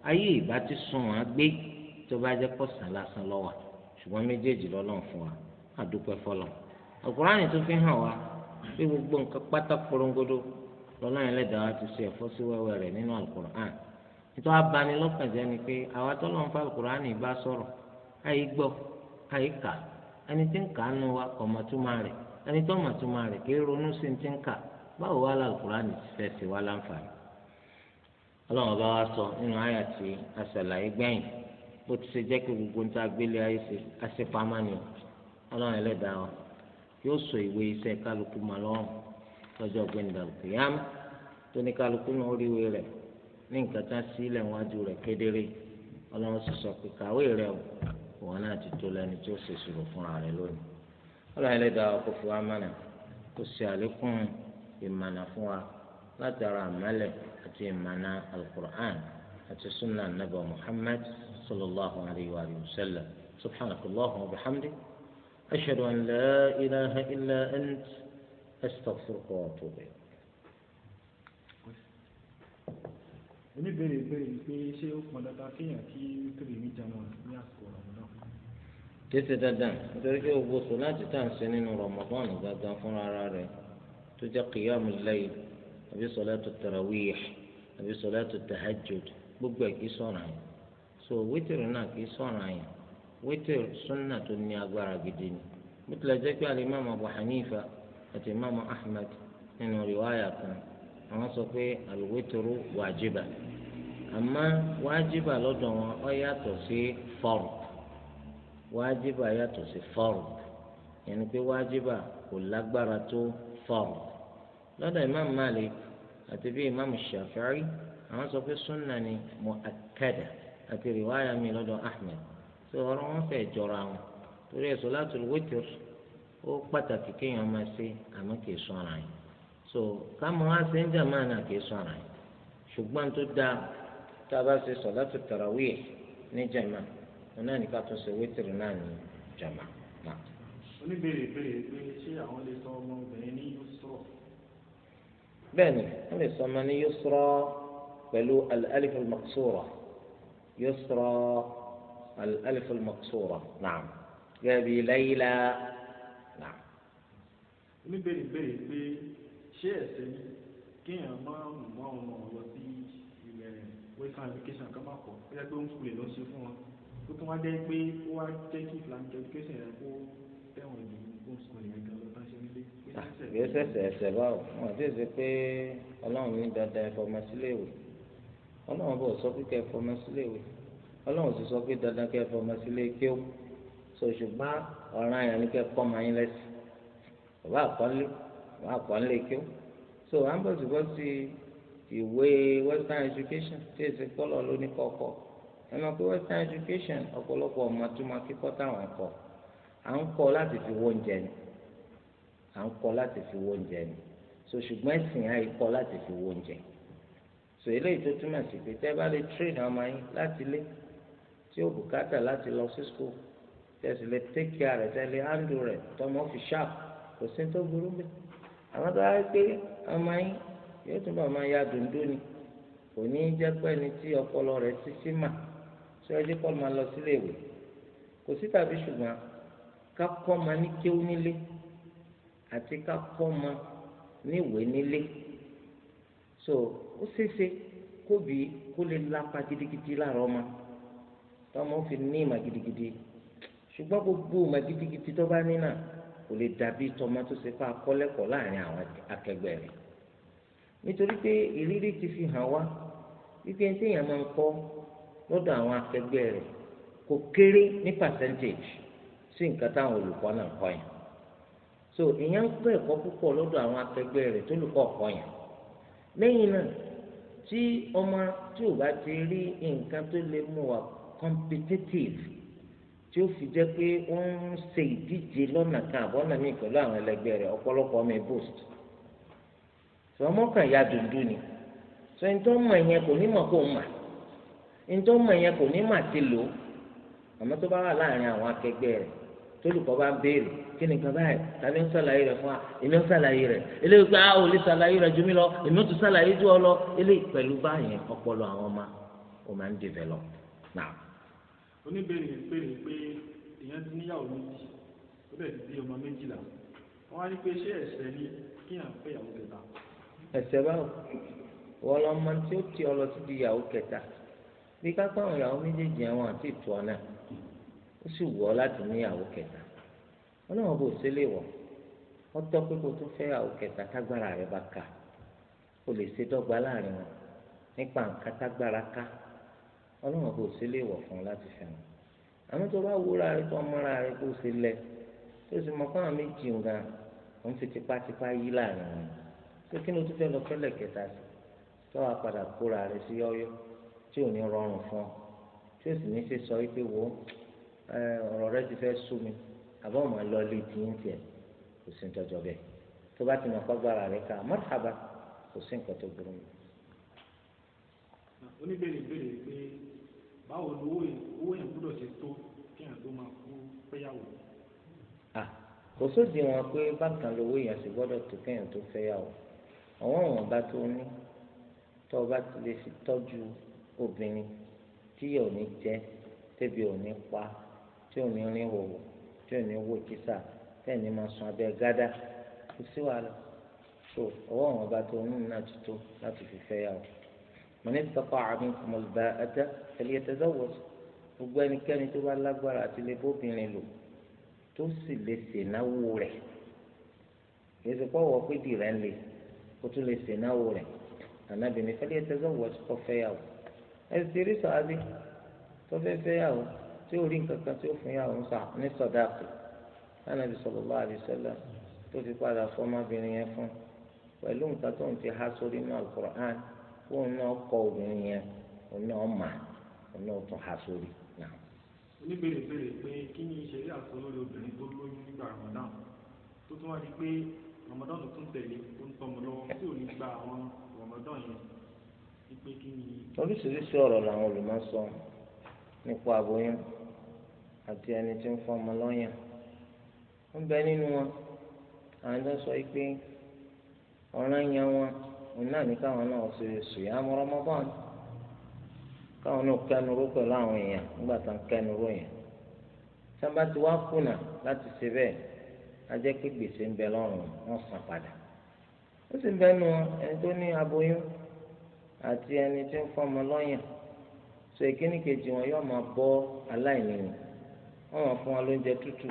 ayé ìgbà tí sunwọ̀n gbé tó bá jẹ́ pọ̀sán lásán lọ́wà ṣùgbọ́n méjèèjì lọ́lọ́run fún wa àdúpẹ́ fọlọ́ Al-Kùránì tó fi hàn wá pé gbogbo nǹkan pátá korongodo lọ́lọ́run ẹlẹ́dàá wa ti ṣe ẹ̀fọ́ sí wẹ́wẹ́ rẹ̀ nínú Al-Kùránì ẹni tí ń kà á nu wa kò mọ̀ túmọ̀ rẹ̀ ẹni tó mọ̀ túmọ̀ rẹ̀ kì í ronú sí ti ń kà báwo wá lálùkùránì ti fẹ́ sí wa láǹfààní. ọlọ́run ọba wa sọ nínú àyà tí a ṣàlàyé gbẹ̀yìn bó ti ṣe jẹ́ pé gbogbo níta gbélé ayé ṣe ni ọlọ́run ẹlẹ́dàá wa yóò sọ ìwé iṣẹ́ kálukú lọ́rùn lọ́jọ́ kálukú náà rẹ̀ ní nǹkan kedere ọlọ́run pé kàwé rẹ̀ wọn náà ti tó lẹ́ni tó ó ṣe sùúrù fúnra rẹ̀ lónìí ọlọ́run ẹlẹ́dàá ọkọ fún wa mọ̀nà kò sí àlékún ìmọ̀nà fún wa látara àmàlẹ̀ àti ìmọ̀nà alukur'an àti sunnah nabọ muhammad sallallahu alayhi wa sallam subhanahu wa bihamdi ashadu an la ilaha illa ant astaghfiruka wa atubu ilayk. oníbèrè ìbéèrè pé ṣé ó pọn dandan kéṣe dandan nítorí pé gbogbo sọláàtì tá à ń ṣe nínú Ramadan gangan fúnra ara rẹ̀ tó jẹ́ qiyamul layl àbí sọláàtì tarawih àbí sọláàtì tahajjud gbogbo ẹ̀ kì í sọ̀ràn yẹn so wítìrì náà kì í sọ̀ràn yẹn wítìrì súnà tó ní agbára gidi ni bó tilẹ̀ jẹ́ pé alimami Abu Hanifa àti imaamu Ahmad nínú riwaya kan àwọn sọ pé alwitru wàjibà àmọ́ wàjibà lọ́dọ̀ wọn ó yàtọ̀ sí fọ́ọ̀rù wájibà yàtọ̀ sí fọ́ọ̀rù yẹn pé wájibà kò lágbára tó fọ́ọ̀rù lọ́dọ̀ imam malik àti bí imam shafi'i àwọn sọ pé sunna ni mu'akkada àti riwaya mi lọ́dọ̀ ahmed tó ọ̀rọ̀ wọn fẹ́ jọra wọn torí ẹ̀ solatul witr ó pàtàkì kéèyàn máa ṣe àmọ́ kìí sọ ara yẹn so kámo wá sí ń jà máa nà kìí sọ ara yẹn ṣùgbọ́n tó dáa tá a bá ṣe solatul tarawih ní jàmáà wọn náà ní ká tún ṣe wítìrì náà ní jàmá náà. oníbèrè bèrè pé ṣé àwọn lè sọ ọmọbìnrin ní yusrọ. bẹ́ẹ̀ni wọn lè sọ ọmọ ní yusrọ pẹ̀lú al-alif al-maqsura yusrọ al-alif al-maqsura naam gẹ́gẹ́ bí layla naam. oníbèrè bèrè pé ṣé ẹ̀ṣẹ̀ ni kéèyàn máa mú àwọn ọmọ lọ sí ilẹ̀ western education kan máa kọ̀ ó yẹ pé ó ń kulè lọ fún wọn ó tún wá jẹ́ pé ó wá jẹ́ kí islamic education rẹ̀ kó tẹ̀wọ̀n ní homeschool yẹn gan lọ́tàn ṣe nílé. ìgbé sẹ̀sẹ̀ ẹ̀sẹ̀ báwo wọn ti ṣe pé ọlọ́run ní dandan ẹ̀fọ́mọsíléèwé ọlọ́run bò sọ pé kẹ́ ẹ̀fọ́mọsíléèwé ọlọ́run sì sọ pé dandan kẹ́ ẹ̀fọ́mọsílé kéw so ṣùgbọ́n ọ̀ràn yẹn ni kẹ́ kọ́ máa yín lẹ́sìn bàbá àkọ́lé bàbá àkọ́lé kéw so à ń bọ̀ sí ìwé western education tí èsì kọ́lọ̀ lóníkọ̀ọ̀kọ̀ọ̀ ẹ mọ̀ pé western education ọ̀pọ̀lọpọ̀ ọmọ tó máa kíkọ́ táwọn kọ à ń kọ́ láti fi wọ oúnjẹ ni à ń kọ́ láti fi wọ oúnjẹ ni so ṣùgbọ́n ẹ̀sìn á kọ́ láti fi wọ oúnjẹ so eléyìí tó túmọ̀ sí pé tẹ́ bá lè train ọmọ yín láti lé tí ó bùkátà láti lọ sí school tẹ̀sí lè take care rẹ̀ tẹ̀lé handle rẹ̀ tọmọ fi sharp kò sí tó burú bẹ́ẹ̀ àwọn tó wáyé pé ọmọ yín yóò túbọ̀ máa ya dòńdó ni kò ní í jẹ́ pẹ́ni tí ọpọlọ rẹ̀ ti sí mà sẹ́wọ́n kọ́ máa lọ sílé ìwé kò sí tàbí ṣùgbọ́n ká máa ní kéwú nílé àti máa ní ìwé nílé so ó ṣeéṣe kóbi kó lè lápa gidigidi láàárọ̀ ọmọ tọmọ fi ní gbogbo ìmọ̀ gidigidi tó bá ní náà kò lè dàbí tọmọ tó ṣe fà kọ́lẹ́kọ̀ọ́ láàrin àwọn akẹgbẹ́ rẹ̀ nítorí pé ìrírí ti fi lọ́dọ̀ àwọn akẹgbẹ́ rẹ̀ kò kéré ní percentage sí nǹkan táwọn olùkọ́ náà so ìyẹn ń kọ́ ẹ̀kọ́ púpọ̀ lọ́dọ̀ àwọn akẹgbẹ́ rẹ̀ tó lùkọ́ kọ́ yẹn lẹ́yìn náà tí ọmọ tí ò bá ti rí nǹkan tó lè mú wa competitive tí ó fi jẹ́ pé ó ń ṣe ìdíje lọ́nà kan míì pẹ̀lú àwọn ẹlẹgbẹ́ rẹ̀ ọ̀pọ̀lọpọ̀ ọmọ ẹ̀ boost ya dundun ni sọ ẹni tó mọ̀ kò njẹ́ ó mọ̀ yẹn kò ní mà ti lò àmọ́ tó bá wà láàrin àwọn akẹgbẹ́ rẹ̀ tólùkọ́ bá béèrè kí ni kan báyìí tàbí ń sàlàyé rẹ̀ fún wa èmi ń sàlàyé rẹ̀ eléyìí pé a ah, ò lè sàlàyé rẹ̀ ju mi lọ èmi ò tún sàlàyé ju ọ lọ eléyìí pẹ̀lú báyìí ọpọlọ àwọn ọmọ ó máa ń develop náà. oníbèrè ń pèrè pé èèyàn ti níyàwó méjì ó bẹ̀ ti bí ọmọ méjìlá wọ́n á ní pé ṣé ẹ̀ṣẹ̀ ni kí à ń fẹ́ ìyàwó kẹta. ẹ̀ṣẹ̀ báwo wọ́n tí ó ti ọ lọ sí bí kápá àwọn ìyàwó méjèèjì àwọn àti ìtọ́ náà ó sì wù ọ́ láti ní ìyàwó kẹta bò tọ́ pé kó tó fẹ́ ìyàwó kẹta tágbára bá ka o lè ṣe dọ́gba láàrin wọn nípa nǹkan tágbára ká fún láti fẹ́ wọn àmọ́ tó bá wúra tó mọ́ra kó ṣe tó sì mọ fáwọn méjì nǹkan òun fi tipátipá yí láàrin wọn pé kí ni tún fẹ́ lọ fẹ́lẹ̀ kẹta sí tí ò ní rọrùn fún ọ tí ó sì ní ṣe sọ wípé wo ọ̀rọ̀ rẹ ti fẹ́ sú mi àbọ̀ mọ̀ lọ lé tìyín tiẹ̀ kò sí nítọ́jọ́ bẹ́ẹ̀ tó bá ti mọ̀ pàgbára rẹ ká mọ́tàbá kò sí nǹkan tó burú mi. oníbèrè béèrè pé báwo ni owó yẹn gbúdọ̀ ṣe tó kí àgbo máa kú péyàwó. kò sóde wọn pé bákan lówó yẹn sì gbọ́dọ̀ tó kéèyàn tó fẹ́yàwó àwọn ìwọ̀nba tó ní tó bá ti lè fi tọ́jú obìnrin tí yóò ní jẹ tẹbi ò pa tí ò rìn òwò tí ò wò kísà tẹ́ni máa sun abẹ́ gádà kò sí wàhálà so ọwọ́ àwọn ọba tó ń nà tuntun láti fi fẹ́ yà wò man istata'a minkum al-ba'ata falyatazawwaj gbogbo ẹnikẹ́ni tó bá lágbára àti lè bóbìnrin lò tó sì lè ṣènáwó rẹ̀ kìí ṣe pọ̀ pé dì rẹ̀ ń lè kó tó lè ṣènáwó rẹ̀ ànábìnrin falyatazawwaj kọ́ fẹ́ yà wò ẹsì rí sàbí tó fẹ́ fẹ́ yàwó tí ò rí nǹkan kan tí ó fún yàwó ń sà ní sọ̀dáàkì lánàbí sallallahu alaihi wasallam tó ti padà fọmọbìnrin yẹn fún pẹ̀lú nǹkan tó ń ti há sórí inú Al-Qur'an kó náà kọ obìnrin yẹn òun náà mà òun náà tún há sórí oníbèrè bèrè pé kí ni ìṣẹ̀lẹ̀ àṣọ obìnrin tó lóyún nígbà Ramadan tó tún wá di pé Ramadan tó tún tẹ̀lé ó ń tọmọ lọ́wọ́ tí ò ní gba àwọn Ramadan yẹn oríṣiríṣi ọ̀rọ̀ làwọn olùmọ̀ sọ nípa aboyún àti ẹni tí ń fọmọ lọ́yàn ń bẹ nínú wọn àwọn tó sọ pé ọ̀ràn yẹn wọn òun náà ní káwọn náà ṣe sùyàmù Ramadan káwọn náà kẹnuró pẹ̀lú àwọn èèyàn nígbà tá à ń kẹnuró yẹn sábà tí wàá kùnà láti ṣe bẹ́ẹ̀ san padà ó sì ń ẹni tó àti ẹni tí ń fọmọ lọ́yàn so ìkíní kejì wọn yóò máa bọ́ aláìní wọn wọn máa fún wọn lóúnjẹ tútù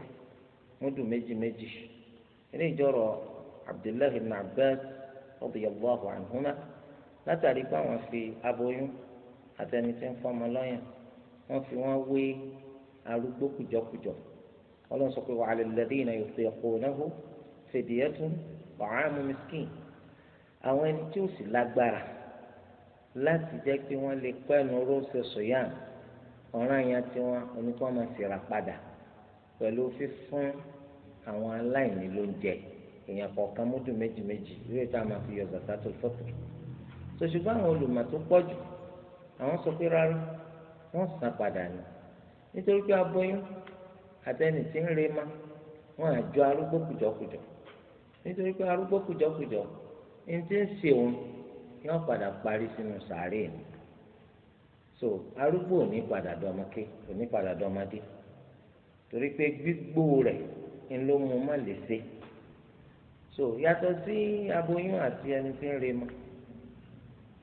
múdù méjì méjì ilé ìjọrọ abdullahi ibn abbas radiyallahu anhuma látàrí pé àwọn fi aboyún àti ẹni tí ń fọmọ lọ́yàn wọn fi wọn wé arúgbó kùjọkùjọ ọlọ́run sọ pé wa 'ala alladhina yutiqunahu fidyatun ta'amu miskin àwọn ẹni tí ó sì lágbára láti jẹ́ kí wọ́n lè pẹ́ẹ́nu róṣe sòyàn ọ̀ràn yẹn tí wọ́n oníkọ́ máa sì rà padà pẹ̀lú fífún àwọn aláìní lóúnjẹ èèyàn kọ̀ọ̀kan múdù méjì méjì ìwé tá a máa fi yọ zakatul fitr tó ṣùgbọ́n àwọn olùmọ̀ tó pọ̀ jù àwọn sọ pé rárá wọ́n san padà ni nítorí pé aboyún àtẹni tí ń re ma wọ́n àjọ arúgbó kùjọkùjọ nítorí pé arúgbó kùjọkùjọ ní ti ń ṣe òun yóò padà parí sínú sàárè ni so arúgbó òní padà dọmọké òní padà dọmọdé torí pé gbígbó mu má lè ṣe so ya sí aboyún àti ẹni tí ń re mọ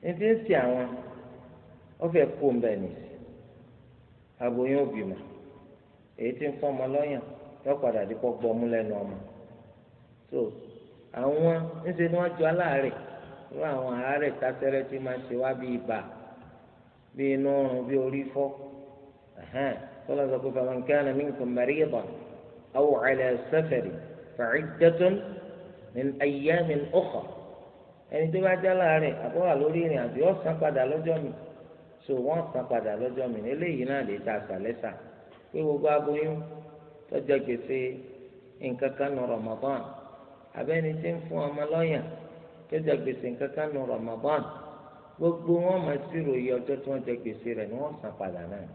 ẹni tí ń ṣe àwọn ọ̀fẹ́ kó ń bẹ nìyí aboyún òbí èyí tí ń yọ padà gbọmú so àwọn ńṣe ni irú àwọn àárẹ̀ tásẹ́rẹ́ tí máa ń ṣe wá bíi ibà bíi inú ọrùn bíi orí fọ́ tọ́lá sọ pé faman kana minkum maridan aw ala safarin fa'iddatun min ayyamin ukhra ẹni tó bá já láàrin àbọ̀ wà lórí ìrìn àbí ó san padà lọ́jọ́ mi so wọ́n san padà lọ́jọ́ mi eléyìí náà lè ta àṣàlẹ́sà pé gbogbo aboyún tọ́jà gbèsè nǹkan kan nù Ramadan abẹ́ni tí ń fún ọmọ lọ́yàn kẹjọ gbèsè nǹkan kan nù Ramadan gbogbo wọn máa ṣírò iye ọjọ́ tí wọ́n jẹ gbèsè rẹ̀ ni wọ́n san padà náà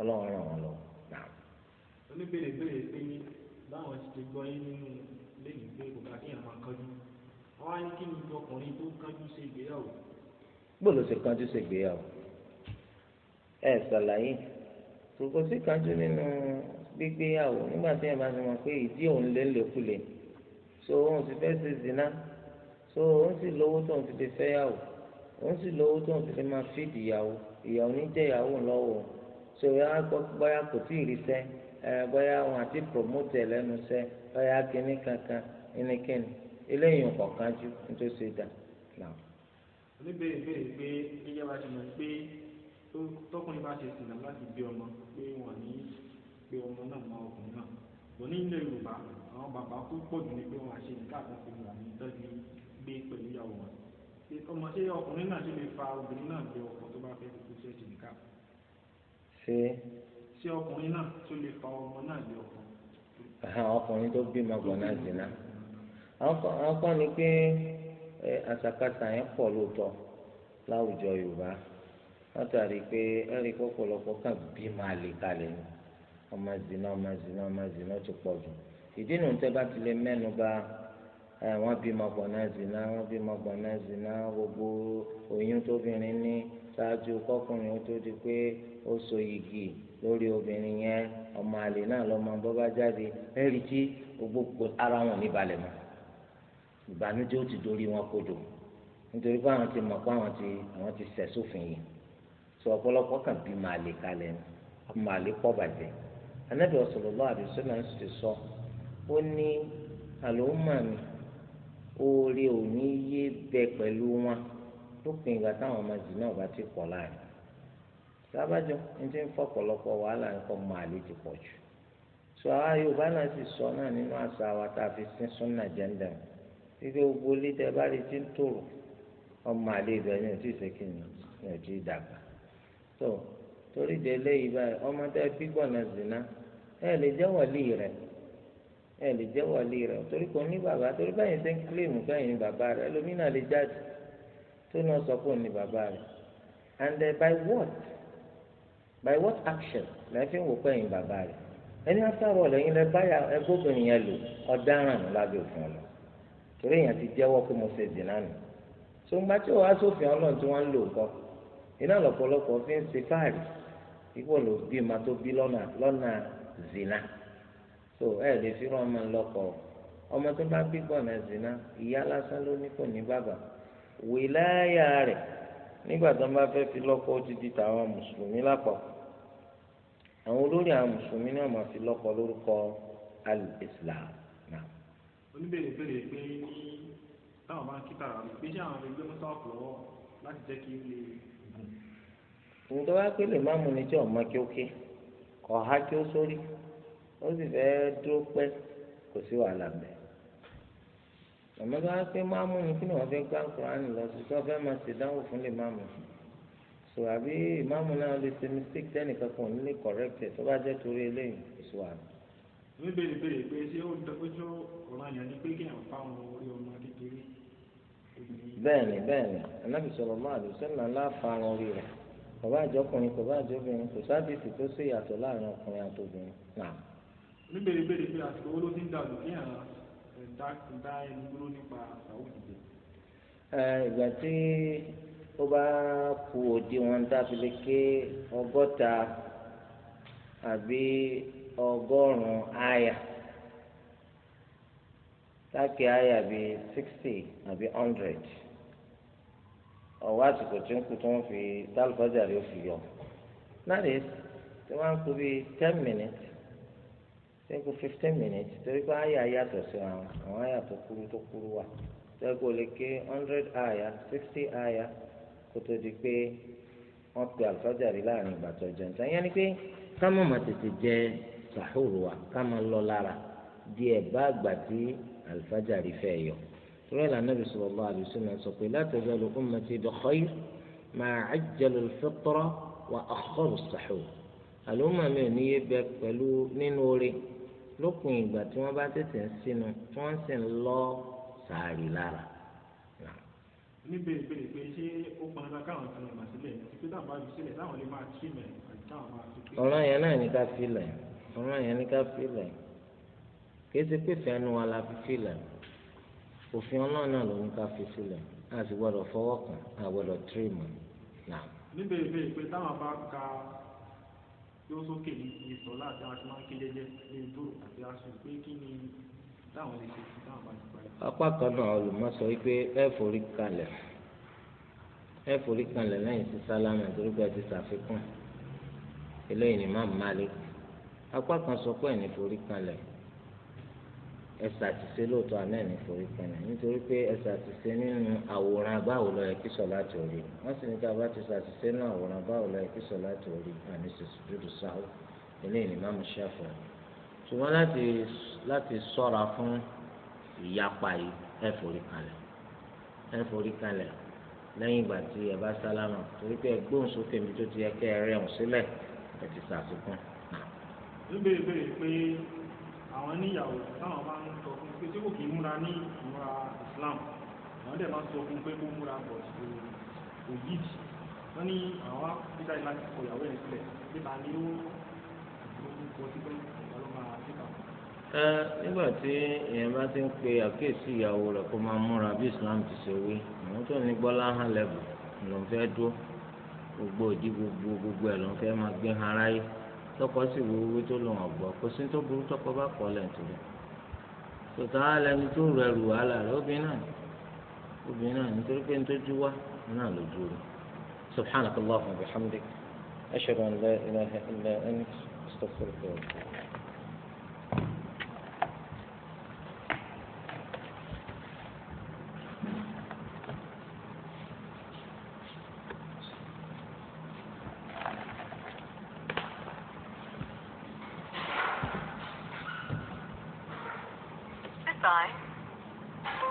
Ọlọ́run ràn wọ́n lọ. oníbèrè bèrè pé báwọn ti ti gbọ́ yín nínú lẹ́yìn pé kò bá kéèyàn máa kánjú wọ́n á ní kí ni ọkùnrin tó kánjú ṣe ìgbéyàwó. gbọ́dọ̀ ṣe kánjú ṣe ìgbéyàwó ẹ ṣàlàyé kò sí kánjú nínú gbígbéyàwó nígbà tí ẹ bá ti mọ̀ pé ìdí òun lé lèkulè so òun sì fẹ́ ṣe zina so òun sì lówó tó ń fi lè fẹ́yàwó òun sì lówó tó ń fi lè máa fíìdì ìyàwó ìyàwó ní jẹ́ ìyàwó lọ́wọ́ so yàrá gbọ́ bóyá kò tí ì rí sẹ́ ẹ bóyá wọn àti promote ẹ lẹ́nu sẹ́ bóyá kínní kankan ẹnikẹ́ni eléyìí ń kọ̀ọ̀kan jù nítorí ṣe dà náà. oníbèrè béèrè pé ẹjẹ bá ti mọ̀ pé tọkùnrin bá ṣe sìnà láti bí ọmọ pé wọn ní pé ọmọ náà mọ ọkùnrin náà òní ilé Yorùbá àwọn bàbá púpọ̀ jù ní pé wọn àṣe nìkan àtàkùn ìlànà ìtọ́jú gbé pẹ̀lú ìyàwó wọn ọmọ ṣé ọkùnrin náà ṣe lè fa obìnrin náà lé ọkọ tó bá fẹ́ kó ṣe ṣe nìkan. ṣé. ṣé ọkùnrin náà tó lè fa ọmọ náà lé ọkọ. ọkùnrin tó bímọ gbọ̀n náà jìnnà àwọn kan ní pé àṣàkáṣà yẹn pọ̀ lóòótọ́ láwùjọ Yorùbá látàrí pé ẹ̀rí pọ̀pọ̀lọpọ̀ kàn bí máa lè kalẹ̀ ni ọmọ zina ọmọ zina ọmọ zina ti pọ̀ jù ìdí nu tẹ́ bá ti lè mẹ́nu bà wọ́n bímọ pọ̀ náà zìnà wọ́n bímọ pọ̀ náà zìnà gbogbo oyún tóbìnrin ní ṣáájú kọkùnrin ó tó di pé ó so yìgì lórí obìnrin yẹn ọmọ àlè náà lọmọ bọba jáde ẹrí tí gbogbo ara wọn ní balẹ̀ mọ́ ìbànújẹ́ ó ti dorí wọn kodò nítorí pé àwọn ti mọ̀ pé àwọn ti àwọn ti sẹ̀ sófin yìí sọ ọ̀pọ̀lọpọ̀ kàn bí màálè kalẹ̀ màálè pọ̀ bàjẹ́ anábìọ́sọ̀rọ̀ lọ́wọ́ àdìsọ́nà ti sọ ó ní àlòó màmí oore ò ní yé bẹ pẹ̀lú wọn lópin ìgbà táwọn ọmọ jù náà bá ti pọ̀ láàrin sábàjọ ní ti ń fọ ọ̀pọ̀lọpọ̀ wàhálà nǹkan ti pọ̀ jù sọ àwọn Yorùbá náà sì sọ náà nínú àṣà wa tá a fi súnà jẹ́ńdà gbogbo bá ti ń tòrò ọmọ àlè ibẹ̀ ò tí ì ṣe kí ni ò tí dàgbà tó torí ẹ lè jẹ́ wàlí rẹ̀ torí kò ní bàbá torí báyìí ṣe ń kílèmù báyìí ní bàbá rẹ̀ ẹlòmínà lè jáde tó náà sọ pé ní bàbá rẹ̀ and uh, by what by what action lẹ́yìn fi ń wò pẹ́yìn bàbá rẹ̀ ẹni afárọ̀ lẹ́yìn lẹ́ báyà ẹgbóbìnrin yẹn lò ọ̀daràn ní lábẹ́ òfin ọ̀lọ́ torí èèyàn ti jẹ́wọ́ pé mo ṣe dènà nù tó ń gbá tí wàá sófin ọlọ́run tí wọ́n ń lò kọ́ iná lọ́pọ̀lọpọ̀ fi ń ṣe fáàrí ipò bí ma tó bí lọ́nà lọ́nà zina. so ẹ lè fi rán ọmọ tó bá bí gbọ̀nà zina ìyá lásán ló ní kò ní nígbà tó ń bá fẹ́ fi lọ́kọ tàwọn mùsùlùmí lápapọ̀ àwọn olórí àwọn mùsùlùmí náà máa fi lórúkọ al-islam oníbèrè bèrè pé táwọn máa kí pé ṣé àwọn ẹgbẹ́ lọ́wọ́ láti jẹ́ kí tó wá ni kí ha kí ó sórí ó sì fẹ́ dúró pẹ́ kò sí wàhálà mẹ́. àmọ́ bá wá pé máa mú kí ni wọ́n fẹ́ gbá kúránì lọ sí tí wọ́n fẹ́ máa ṣèdánwò fún lè máa mú un so àbí ìmáàmù náà lè ṣe mistake tẹ́nì kankan ò ní lè correct ẹ̀ tó bá jẹ́ torí eléyìí kò sí wàhálà. níbi ìbéèrè pé ṣé ó dọ́ pé ṣó pé kí àwọn fáwọn orí ọmọ kékeré. bẹ́ẹ̀ni bẹ́ẹ̀ni anábì sọ̀rọ̀ mọ́ àdùsẹ́nà láàfààrọ̀ orí rẹ̀ kò bá àjọkùnrin kò bá àjọbìnrin kò sáà oníbèrè bèrè pé àsìkò owó ló ti ń dàlù kí àwọn ẹ̀dá ẹ̀dá ẹni dúró nípa Saudi jẹ. ìgbà tí ó bá ku òdiwọ̀n tá a fi lè ké ọgọ́ta àbí ọgọ́rùn-ún àyà láàkì àyà bíi sixty àbí hundred ọ̀wọ́ àsìkò tí ń kú tó ń fi tálùfájà rẹ̀ ó fi yọ. náà lè tí wọ́n á kú bíi ten minutes sẹ́kù fifteen minutes torí pé àyà yàtọ̀ sí àwọn àwọn àyà tó kúrú tó kúrú wà sẹ́kù lè ké hundred àyà sixty àyà kó tó di pé wọ́n pe àlùfáàjà rí láàrin ìgbà tó jẹun tán yẹn ni pé ká má má tètè jẹ sàhóòrò wa ká má lọ lára díẹ̀ bá àgbà tí àlùfáàjà rí fẹ́ yọ torí ẹ̀ lànà bisọ̀ lọ́wọ́ àdùsùn náà sọ pé la tazalu ummati bi khayr ma ajjalu al-fitra wa akhkharu sahur àlùmọ̀ mi ò ní yé bẹ pẹ̀lú nínú orin lópin ìgbà tí wọ́n bá tètè ń sínú tí wọ́n sì ń lọ sàárì lára. níbi ìbéèrè pé ṣé ó pọn dandan káwọn kan lè mà sílẹ̀ títí táwọn bá fi sílẹ̀ táwọn lè máa tì mẹ́ àti táwọn máa fi pé. ọ̀rọ̀ náà ní ká filẹ̀ ọ̀rọ̀ ní ká filẹ̀ kìí ṣe pé fẹ́ẹ́nu wa la fi filẹ̀ òfin ọlọ́run náà ló ní ká fi sílẹ̀ a gbọ́dọ̀ fọwọ́ kàn á gbọ́dọ̀ tírìmù náà. níbi ìbéèrè pé táwọn bá ka tí ó sókè ní ti sọlá àti àwọn aṣọ kí jẹjẹ lè dúró àti aṣọ pé kí ni táwọn lè ṣe fún táwọn bá ti parí. apá kan náà olùmọ̀ sọ wípé ẹ forí kalẹ̀ ẹ forí kalẹ̀ lẹ́yìn sí sálámà torí ti ṣàfikún eléyìí ni má Malik apá kan sọ pé ẹ ní forí kalẹ̀ ẹsẹ̀ àtìsẹ́ lóòótọ́ amẹ́ni forí pinnu nítorí pé ẹsẹ̀ àtìsẹ́ nínú àwòrán báwo lọ yẹ kí sọlá tó rí wọ́n sì ní ká bá ti sàtìsẹ́ nínú àwòrán báwo lọ yẹ kí sọlá tó rí àmì dúdú sáwọ́ eléyìí ni má mo ṣe àfọ̀ ṣùgbọ́n láti láti sọ́ra fún ìyapa yìí ẹ forí kalẹ̀ ẹ forí kalẹ̀ lẹ́yìn ìgbà tí ẹ bá sálámà torí pé ẹ gbóhùn sókè mi tó ti yẹ kẹ́ ẹ rẹ̀ ọ̀hún sílẹ̀ ẹ ti sàtìkún. níbi ìbéèrè pé àwọn níyàwó táwọn bá ń sọ fún pé tí kò kì í múra ní ìmúra Islam àwọn dẹ̀ máa ń sọ fún pé kó múra bọ̀ sí òyìí wọ́n ní àwọn peter ilá ti kọ ìyàwó ẹ̀ sílẹ̀ nípa ó kọ sí pé ló máa síta. ẹ nígbà tí èèyàn bá ti ń pe àkíyèsí ìyàwó kó máa tọkọ sì wo owó tó lò wọn gbọ kò sí tó burú tọkọ bá kọ lẹ nítorí tòtá alẹni tó rẹ rù wàhálà rẹ obìnrin náà obìnrin náà nítorí pé nítorí wá náà ló dúró subhanakallahumma wa bihamdik ashhadu an la ilaha illa anta astaghfiruka